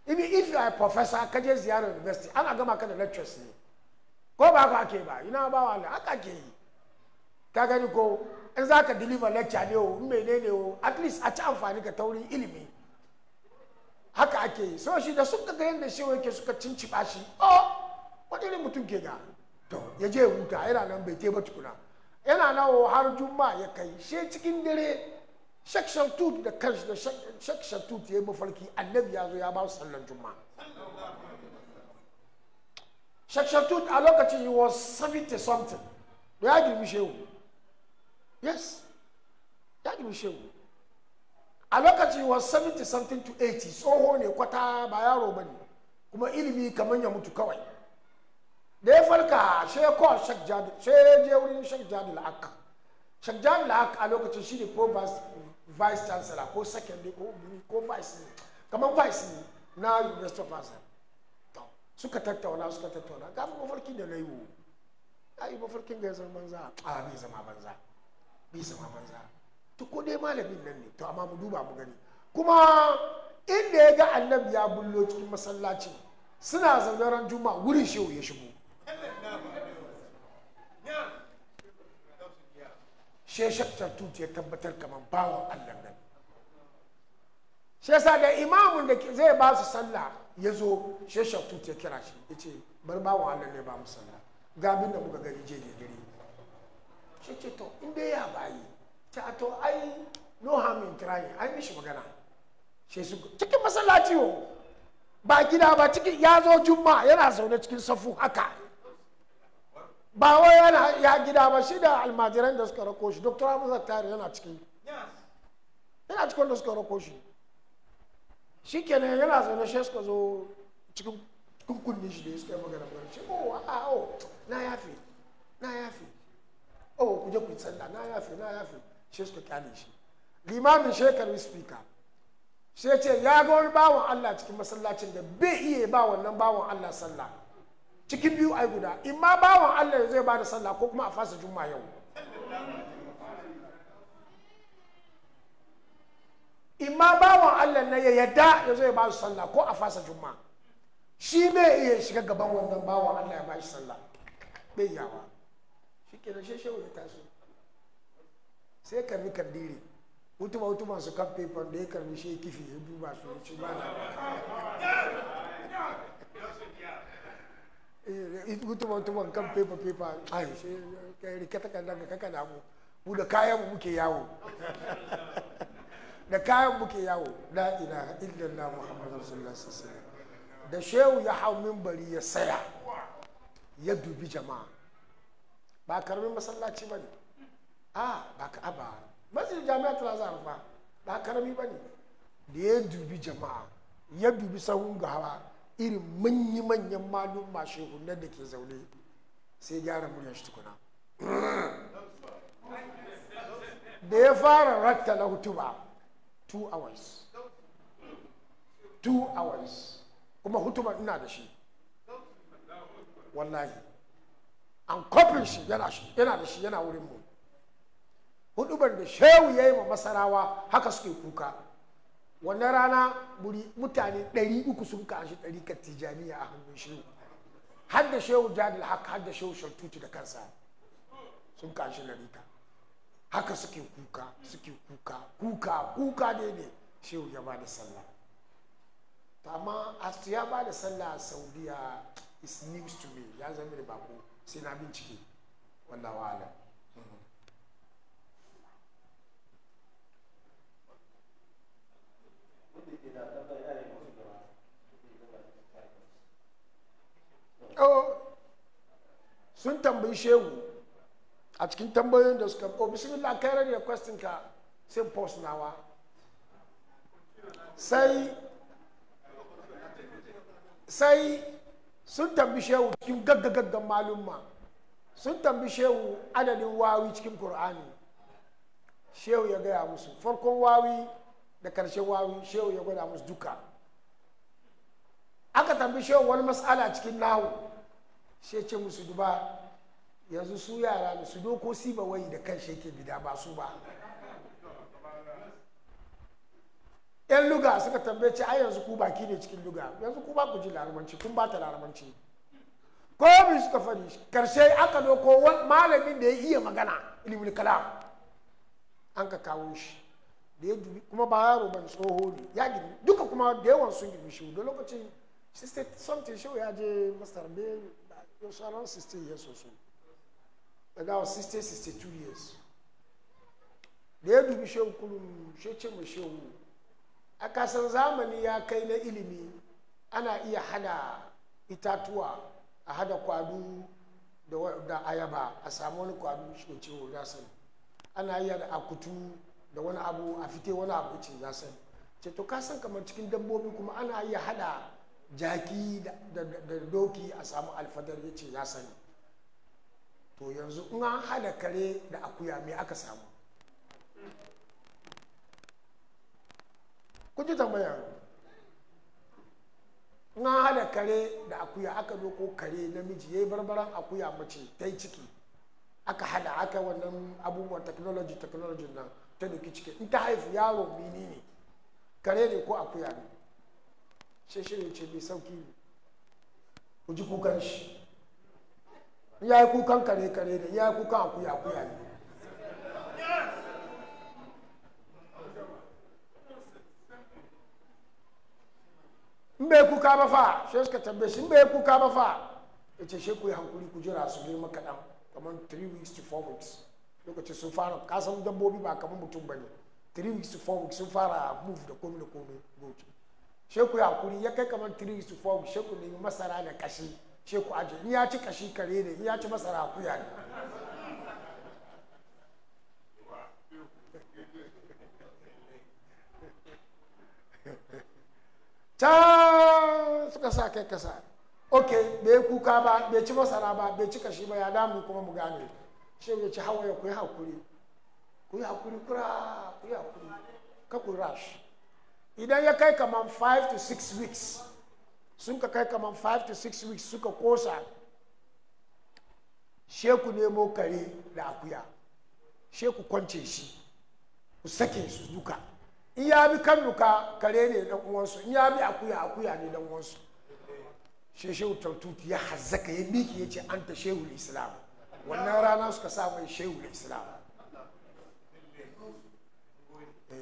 If you, if you are a professor, ka je ziyarar university, ana gama ka da lectures ne. Ko ba ka ke ba, ina ba wani, haka ake yi. Ka gani ko, in za ka deliver lecture ne o, menene o, at least a ci amfani ka taurin ilimi. Haka ake yi. So shi da suka ga yadda shi yake suka cinci shi, oh, wani mutum ke ga. To, ya je huta, yana nan bai te ba tukuna. Yana nawo har juma'a ya kai, shi cikin dare shek shatut da kanshi da shek shatut ya yi mafarki annabi ya zo ya ba su sallan juma'a shek shatut a lokacin he was 70 something da ya girmi shehu yes ya girmi shehu a lokacin he was 70 something to 80 tsoho ne kwata ba yaro ba ne kuma ilimi kamar ya mutu kawai da ya farka sai call shek jadil sai je wurin shek jadil ak shek jadil ak a lokacin shi ne provost vice chancellor ko secondary ko ko vice ni kamar vice ni na university of azhar to suka tattauna suka tattauna ga mafarki da na yi wo ai mafarkin ga ya zama banza a bai zama banza bai zama banza to ko dai malamin nan ne to amma mu duba mu gani kuma inda ya ga annabi ya bullo cikin masallaci suna zaune ran juma'a wurin shehu ya shigo she tutu ya tabbatar kamar bawan allah nan shi yasa da imamun da zai ba su sallah ya zo she shaktar ya kira shi ya ce bar bawan allah ne ba mu sallah ga abin da muka gani je da gari shi ke to in dai ya bayi ta to ai no harm in trying ai mishi magana shi su cikin masallaci ba gida ba cikin ya zo juma'a yana zaune cikin safu haka ba wai yana ya gida ba shi da almajiran da suka rako shi dr hamza tare yana ciki yana cikin da suka rako shi shi kenan yana zaune shi suka zo cikin kunkunni shi da suka yi magana magana shi oh a ah, ah, oh na yafe na yafe oh ku je ku tsalla na yafe na yafe shi suka kyale shi limamin shekaru speaker sai ce ya ga wani bawan Allah cikin masallacin da bai iya ba wannan bawan Allah sallah cikin biyu ai guda in ma bawan Allah zai ba da sallah ko kuma a fasa juma yau in ma bawan Allah na ya yadda ya zai ba su sallah ko a fasa juma shi ne iya shiga gaban wannan bawan Allah ya ba shi sallah bai yawa shi ke da sheshewa wani taso sai karni kandiri hutuma hutuma su kan paper da ya karni shi kifi ya duba su ya ci ba na mutumin kan fefa fefa ai sai rike kaka mu da kayan muke yawo da kayan muke yawo rasulullah da shehu ya hau bari ya saya ya dubi jama'a ba karamin masallaci ba ne a ba ka aba masjid jami'a ta zara ba karami ba ne da ya dubi jama'a ya dubi sahun hawa. irin manyan manyan malum mashehunan da ke zaune sai gyara muryar shi tukuna da ya fara ratta na ba two hours two hours kuma ba ina da shi wallahi an kofin shi yana da shi yana wurin mu hudubar da shehu ya yi ma masarawa haka suke kuka wannan rana muri mutane 300 sun kashi kan tijaniya a hannun shehu har da shehu jadil haka har da shehu shartuti da kansa sun kashi ɗarika haka suke kuka suke kuka kuka kuka ne ne shehu ya ba da sallah amma astu ya ba da sallah a saudiya is news to me ya zama da bako sai na bincike wallahu wa'ala oh sun tambayi shehu a cikin tambayoyin da suka oh bismillah kai a question ka sai post nawa sai sai sun tambi shehu cikin gaggagaggan malumma sun tambi shehu adadin wawi cikin qur'ani shehu ya gaya musu farkon wawi da karshen wani shehu ya gwada musu duka aka tambi shehu wani matsala cikin nahu she ce musu duba yanzu su yara ne su doko siba wai da kan shi yake bida ba su ba yan luga suka tambaye ce ai yanzu ku baki ne cikin luga yanzu ku ba ku ji larabanci kun ba ta larabanci ko bi suka fari karshe aka doko malamin da ya iya magana ilmul kalam an ka kawo shi da ya dubi kuma ba yaro ban tsoho ne ya gini duka kuma da yawan sun gini shi da lokacin something shi ya je masar be yau sauran 16 years or so daga 60 62 years da ya dubi shi kullum shi ce mu shehu a kasan zamani ya kai na ilimi ana iya hada itatuwa a hada kwadu da ayaba a samu wani kwadu shi ce ana iya da akutu da wani abu a fite wani abu ce na sani ce to ka san kamar cikin dabbobi kuma ana iya hada jaki da doki a samu alfadar ya ce ya sani to yanzu in an hada kare da akuya me aka samu kun ji tambaya in an hada kare da akuya aka doko kare namiji ya yi barbaran akuya mace ta yi ciki aka hada aka wannan abubuwan technology technology nan ta doki cike in ta haifu yaro mini ne kare ne ko akuya ne sai shi ne ce mai sauki ne ku ji kukan shi ya yi kukan kare kare ne ya yi kukan akuya akuya ne in bai kuka ba fa shi suka tambaye shi in bai kuka ba fa ya ce shi ku yi hankuri ku jira su girma kaɗan kamar 3 weeks to 4 weeks lokacin sun fara kasan dabbobi ba kamar mutum ba ne 3 weeks to 4 weeks sun fara move da komi da komi goji sheku ya kuri ya kai kamar 3 weeks to 4 weeks sheku nemi masara da kashi sheku aje in ya ci kashi kare ne in ya ci masara akuya ne can suka sa kai kasa ok bai kuka ba bai ci masara ba bai ci kashi ba ya damu kuma mu gane shi ya ci hawaye ku yi hakuri ku yi hakuri kura ku yi hakuri ka ku rash idan ya kai kaman 5 to 6 weeks sun ka kai kaman 5 to 6 weeks suka kosa sheku nemo kare da akuya sheku kwance shi ku sake su duka in ya bi kan duka kare ne dan uwansu in ya bi akuya akuya ne dan uwansu shi shehu tautuki ya hazzaka ya miki ya ce an ta shehu islam wannan rana suka sa mai shehu da islam eh.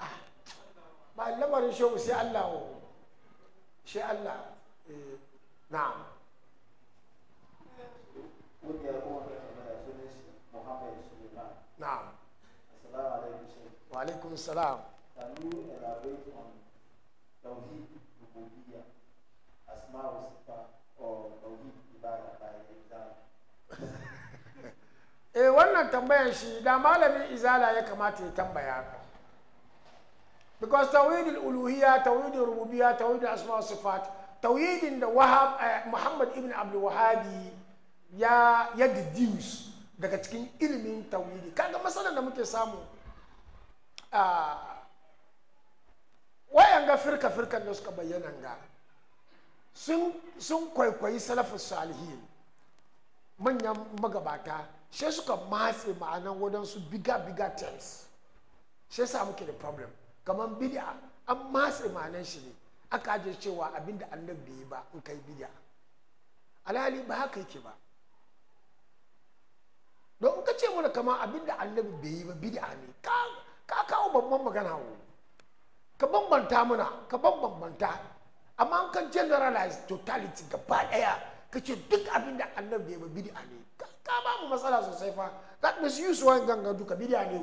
ah. ba lamarin shehu sai allah wa sai allah eh. na'am na'am wa alaikum salam توحيد ربوبية أسماء وصفات أو توحيد عبادة by example eh wannan tambayan shi da malamin izala ya kamata ya tambaya because tawhidul uluhiyya tawhidul rububiyya tawhidul asma sifat tawhidin da wahab eh, muhammad ibn abdul wahabi ya ya deduce daga cikin ilimin tawhidi kaga masalan da muke samu a wayan ga firka firkan da suka bayyana ga sun kwaikwayi salafus salihin manyan magabata sai suka matse ma'anan wadansu bigger biga terms sai sa muke da problem kamar bid'a an matse ma'anan shi ne aka aje cewa abinda annabi bai yi ba in kai bid'a alhali ba haka yake ba don in ka ce mana kama abinda annabi bai yi ba bid'a ne ka kawo babban magana wo ka bambanta mana ka bambanta amma an kan generalize totality gaba daya ka ce duk abinda annabi bai yi ba bid'a ne ka ba mu matsala sosai fa that means yusuwa ganga duka bidiya ne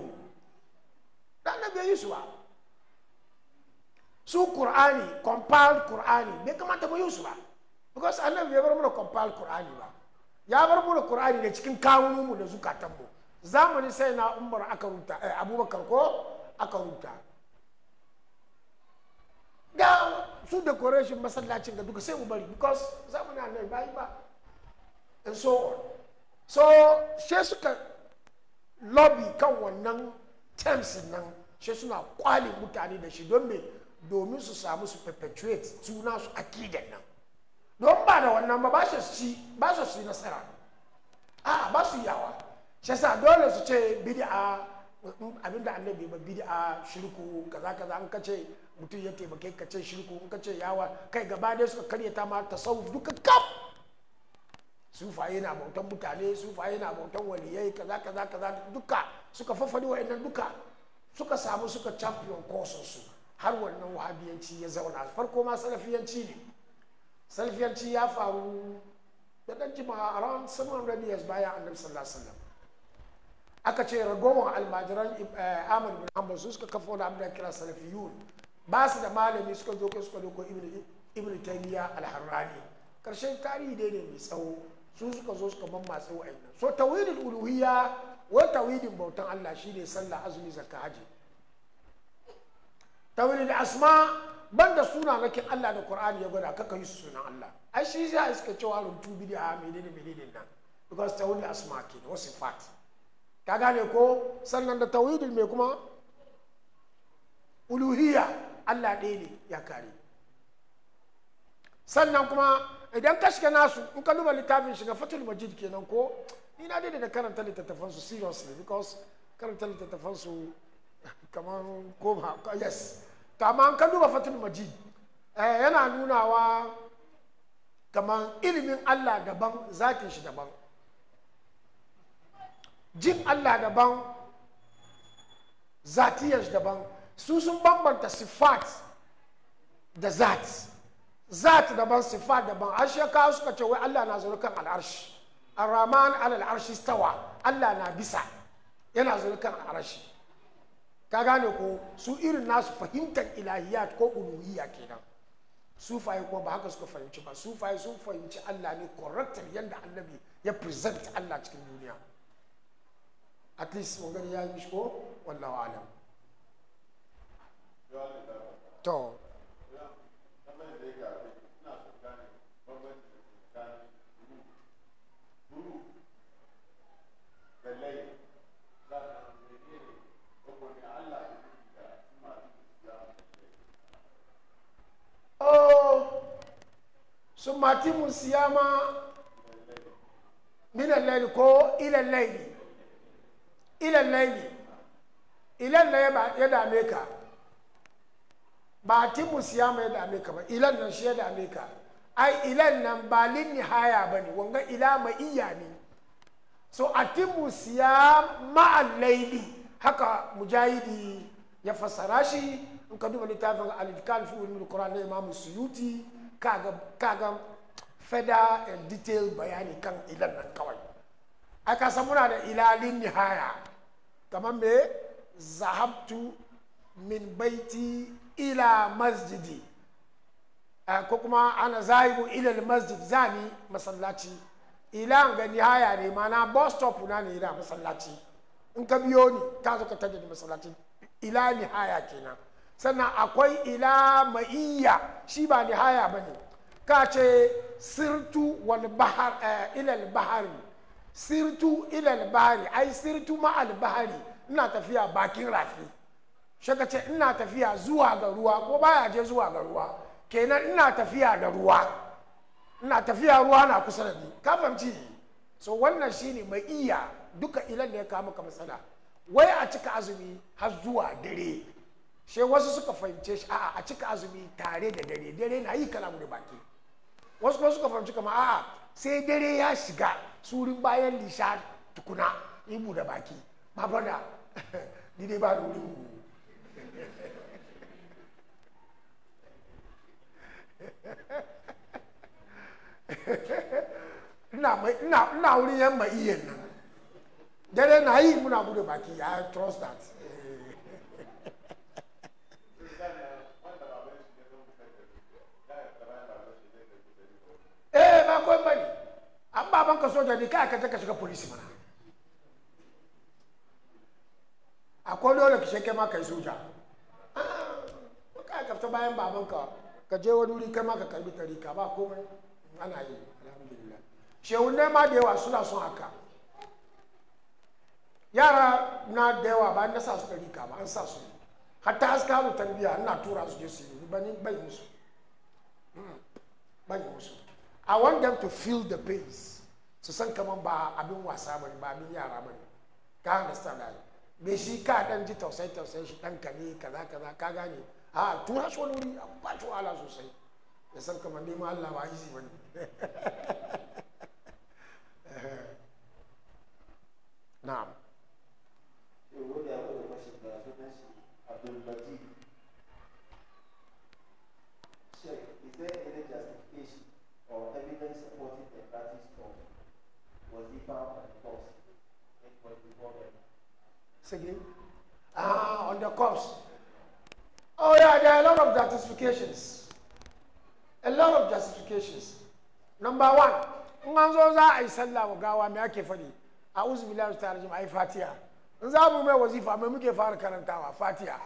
dan na annabi ya wa su qur'ani compiled qur'ani bai kamata mu ba because annabi bai bar mana compiled qur'ani ba ya bar da qur'ani da cikin kawunan mu da zukatan mu Zamani sai na umar aka rubuta eh, abubakar ko aka rubuta ga su decoration masallacin ga duka sai mu bari because zamanin annabi bai ba and so on so she suka lobby kan wannan terms nan she suna kwale mutane da shi don me domin su samu su perpetuate suna su akidan nan don ba da wannan ba ba su nasara a ba su yawa shi sa dole su ce bid'a abinda annabi ba bid'a shirku kaza kaza an kace mutum ya taimake ka ce shirku nka yawa kai gaba dai suka karyata ma tasawuf duka kaf sufaye na bautan mutane sufaye na bautan waliyai kaza kaza kaza duka suka fafari wa'annan duka suka samu suka champion su har wannan wahabiyanci ya zauna farko ma salafiyanci ne salafiyanci ya faru da dan jima'a around 700 years bayan annabi sallallahu alaihi wasallam aka ce ragowar almajiran eh, ahmad bin hanbal su suka kafa wani abin kira salafiyun ba su da malami suka zo kai suka doko ibn taymiya al karshen tarihi dai ne mai tsawo su suka zo suka mammatsa wa'annan so tawhidul uluhiyya wa tawhidin bautan Allah shine sallah azumi zakka haji tawhidul asma banda suna nakin Allah da Qur'ani ya gwada kaka yi sunan Allah ai shi ya iska cewa runtu bid'a menene menene nan because tawhidul asma ke da wasu fat ka gane ko sannan da tawhidul mai kuma uluhiyya Allah ɗaya ne ya kare sannan kuma idan ka shiga nasu in ka duba littafin shiga fatul majid kenan ko ni na daidai da karanta littattafan su seriously because karanta littattafan su kamar koma yes to amma an ka duba fatul majid eh, yana nunawa kamar ilimin Allah daban zakin shi daban jin Allah daban zatiyar daban su sun bambanta sifat da zati zat daban sifa daban an shekaru suka ce wai Allah na zaune kan al'arshi arraman al'arshi stawa Allah na bisa yana zaune kan al'arshi ka gane ko su irin nasu fahimtar ilahiyat ko uluhiyya kenan sufaye kuma ba haka suka fahimci ba sufaye sun fahimci Allah ne corrector yadda annabi ya present Allah cikin duniya at least mun gani ya yi mishi ko wallahu alam sùúrù pẹ̀lẹ́ yìí láti àwọn ìdílé rẹ̀ ó kò ní àlà ìlú ìjà tí màá ti fi àwọn ìdílé rẹ̀. ó sùmàtí musiyama minalẹ́yìn kó ilẹ̀lẹ́yìn ilẹ̀lẹ́yìn ai ilan nan ba lin nihaya ba ne wanga ila iya ne so a siyam ma'al ma'alaili haka mujahidi ya fassara shi in ka duba littafin alifkan fi ulumul qur'an na imamu suyuti kaga kaga feda and detail bayani kan ilan nan kawai ai ka san muna da ilalin nihaya kamar me zahabtu min baiti ila masjidi Eh, ko kuma ana zahibu ilal masjid zani masallaci ila ga nihaya ne mana bus stop na ne ila masallaci in ka biyo ni ka zo ka tada masallaci ila nihaya kenan sannan akwai ila maiya shi ba nihaya bane ka ce sirtu wal bahar eh, al bahari sirtu ilal bahari ai sirtu ma al bahari ina tafiya bakin rafi ka ce ina tafiya zuwa ga ruwa ko baya je zuwa ga ruwa kenan ina tafiya da ruwa ina tafiya ruwa na kusa da ni ka fahimci so wannan shine mai iya duka ilan da ya kawo maka matsala wai a cika azumi har zuwa dare she wasu suka fahimce shi a'a a cika azumi tare da dare dare na yi kalamu da baki wasu kuma suka fahimci kama a'a sai dare ya shiga surin bayan lishar tukuna ibu da baki ba da ni dai ba da wuri na wuri ya mma ihe na jere na anyị mụ na gburu baki ya trust that eh ma kwe mba ni an ka soja di ka kai aka ka shiga polisi mana akwai dole ki shake ma kai soja ka kafta bayan baban ka je wani wuri kai ma ka karbi tarika ba komai ana yi alhamdulillah shehu ma da yawa suna son haka yara na da yawa ba na sa su ɗari ka ba an sa su hatta haska mu tambiya ina tura su je su yi ba ni bai musu hmm, bai musu i want them to feel the pains su san kamar ba abin wasa ba ba abin yara ba ne ka understand that me shi ka dan ji tausayi tausayi shi dan kane kaza kaza ka gane a tura shi wani wuri a ba shi wahala sosai ya san kamar neman Allah ba izi bane نعم Is there any justification or evidence supporting the was found again. Ah, on the course. Oh yeah, there are a lot of justifications. A lot of justifications. number one in an zo za a yi sallah wa gawa me ake faɗi a uzu billahi ta rajim ai fatiha in za mu mai wazifa mai muke fara karantawa fatiha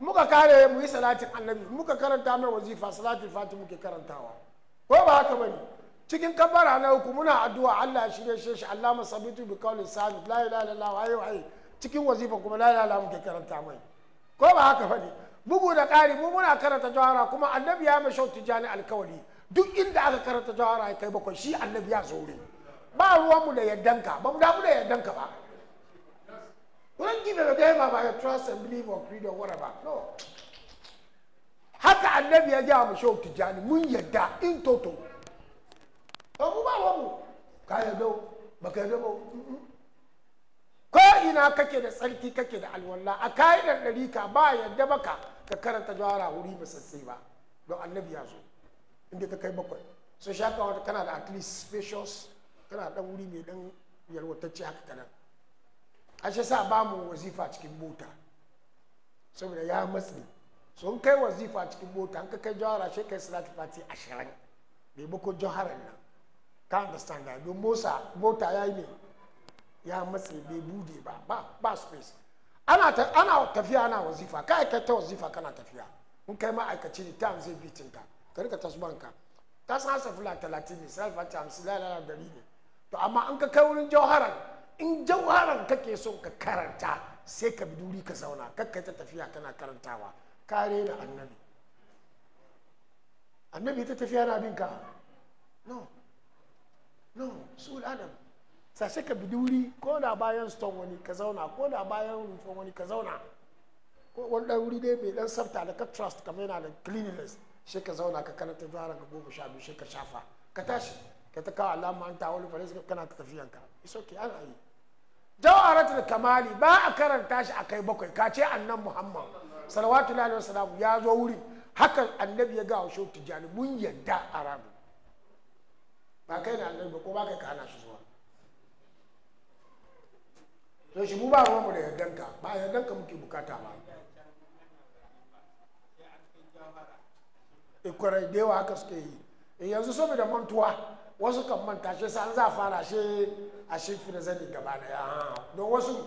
muka kare mu yi salatin annabi muka karanta mai wazifa salatin fati muke karantawa ko ba haka bane cikin kabara na uku muna addu'a Allah ya shirye shi Allah masabitu bi qawli sabit la ilaha illallah ayi ayi cikin wazifa kuma la ilaha muke karanta mai ko ba haka bane bugu da ƙari mu muna karanta jawara kuma annabi ya mai shautu jani alkawari duk inda aka karanta jawara ya kai bakwai shi annabi ya zo ba ruwanmu da yardanka ba mu damu da yardanka ba wurin gina da dama ba ya trust and believe or freedom whatever no haka annabi ya ja mu shehu tijjani mun yadda in toto ba mu ba ruwanmu ka yarda ba ka yarda ba ko ina kake da tsarki kake da alwallah a kayan ɗari ka ba yadda baka ka karanta jawara wuri masassai ba don annabi ya zo inda ta kai bakwai so shi haka wata kana da at least spacious kana dan wuri mai dan yalwatacce haka kanan ashe sa ba mu wazifa cikin mota saboda ya matsi in kai wazifa cikin mota an ka kai jawara shi kai salati fati ashirin maimakon jawaran nan ka understand that don mota ya yi ne ya matsi bai bude ba ba ba space ana tafiya ana wazifa kai kai ta wazifa kana tafiya in kai ma'aikaci ne ta zai bitin ta. ka tasbanka ta san fula talatin ne sai alfata hamsin lalala dari ne to amma an ka kai wurin jauharan in jauharan kake son ka karanta sai ka bi duri ka zauna kakka ta tafiya kana karantawa kare da annabi annabi ta tafiya na binka no no su adam sashe ka bi duri ko da bayan stone wani ka zauna ko da bayan rufon wani ka zauna ko wani dan wuri dai mai dan sabta da ka trust kamar yana da cleanliness sai ka zauna ka karanta zuwa ka goma sha biyu sai ka shafa ka tashi ka ta kawo alama an tawo lufa sai kana ta tafiyan ka is okay an ayi jawaratul kamali ba a karanta shi a kai bakwai ka ce annan muhammad salawatu alaihi salamu ya zo wuri hakan annabi ya ga a shehu tijani mun yadda a rabu ba kai na annabi ba ko ba kai ka hana shi zuwa to shi mu ba ruwanmu da yardanka ba yardanka muke bukata ba Eh, kwarai da yawa haka suke yi eh, yanzu saboda mantuwa wasu kan manta shi sa an za fara shi a shi fi zani gaba yawa, don wasu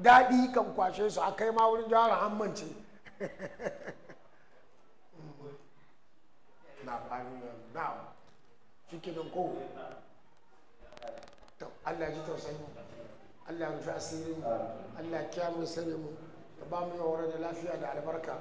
daɗi kan kwashe su a kai ma wurin jawar hammance na na shi ke don ko Allah ji tausayi Allah ya rufe asirin Allah ya kiyamu sirrin mu ya ba mu yawar da lafiya da albarka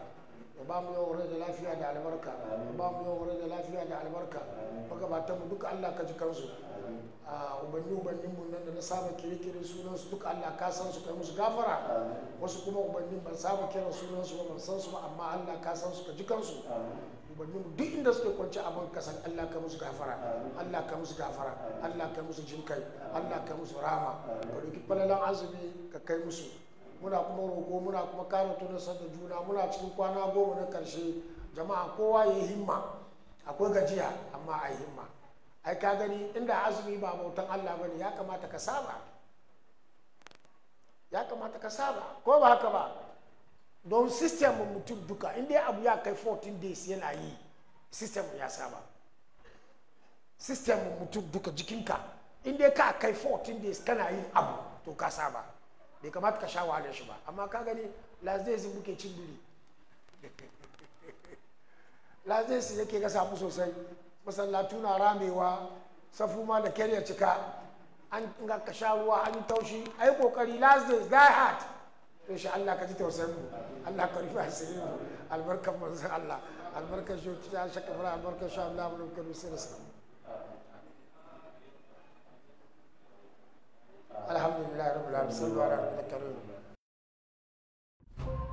ya ba mu yawan rai da lafiya da albarka ya ba mu yawan rai da lafiya da albarka magabatan mu duka Allah ka ji kansu a ah, ubanni ubannin mu nan da na saba kirkire sunan su duka Allah ka san su kai musu gafara wasu kuma ubannin ban saba kiran sunan su ban san su ba amma Allah ka san su ka ji kansu ubannin mu duk inda suke kwance a ban kasan Allah ka musu gafara Allah ka musu gafara Allah ka musu jinkai Allah ka musu rama ka doki falalan azumi ka kai musu muna kuma roƙo muna kuma kara tunan sanda juna muna cikin kwana goma na ƙarshe jama'a kowa ya himma akwai gajiya amma a yi himma ai ka gani inda azumi ba bautan Allah bane ya kamata ka saba ya kamata ka saba ko ba haka ba don system mutum duka inda abu ya kai 14 days yana yi system ya saba system mutum duka jikinka inda ka kai 14 days kana yin abu to ka saba bai kamata ka sha wahalar shi ba amma ka gani lazezi muke cin biri lazezi yake ga samu sosai masallatu na ramewa safu ma da kariya cika an ga ka sha ruwa an yi taushi a yi kokari lazezi die hard to shi Allah ka ji tausayin mu Allah ka rufe asirin mu albarkar manzan Allah albarkar shi ta shakka fara albarkar shi Allah mu kan sirri الحمد لله رب العالمين صلوا على نبينا الكريم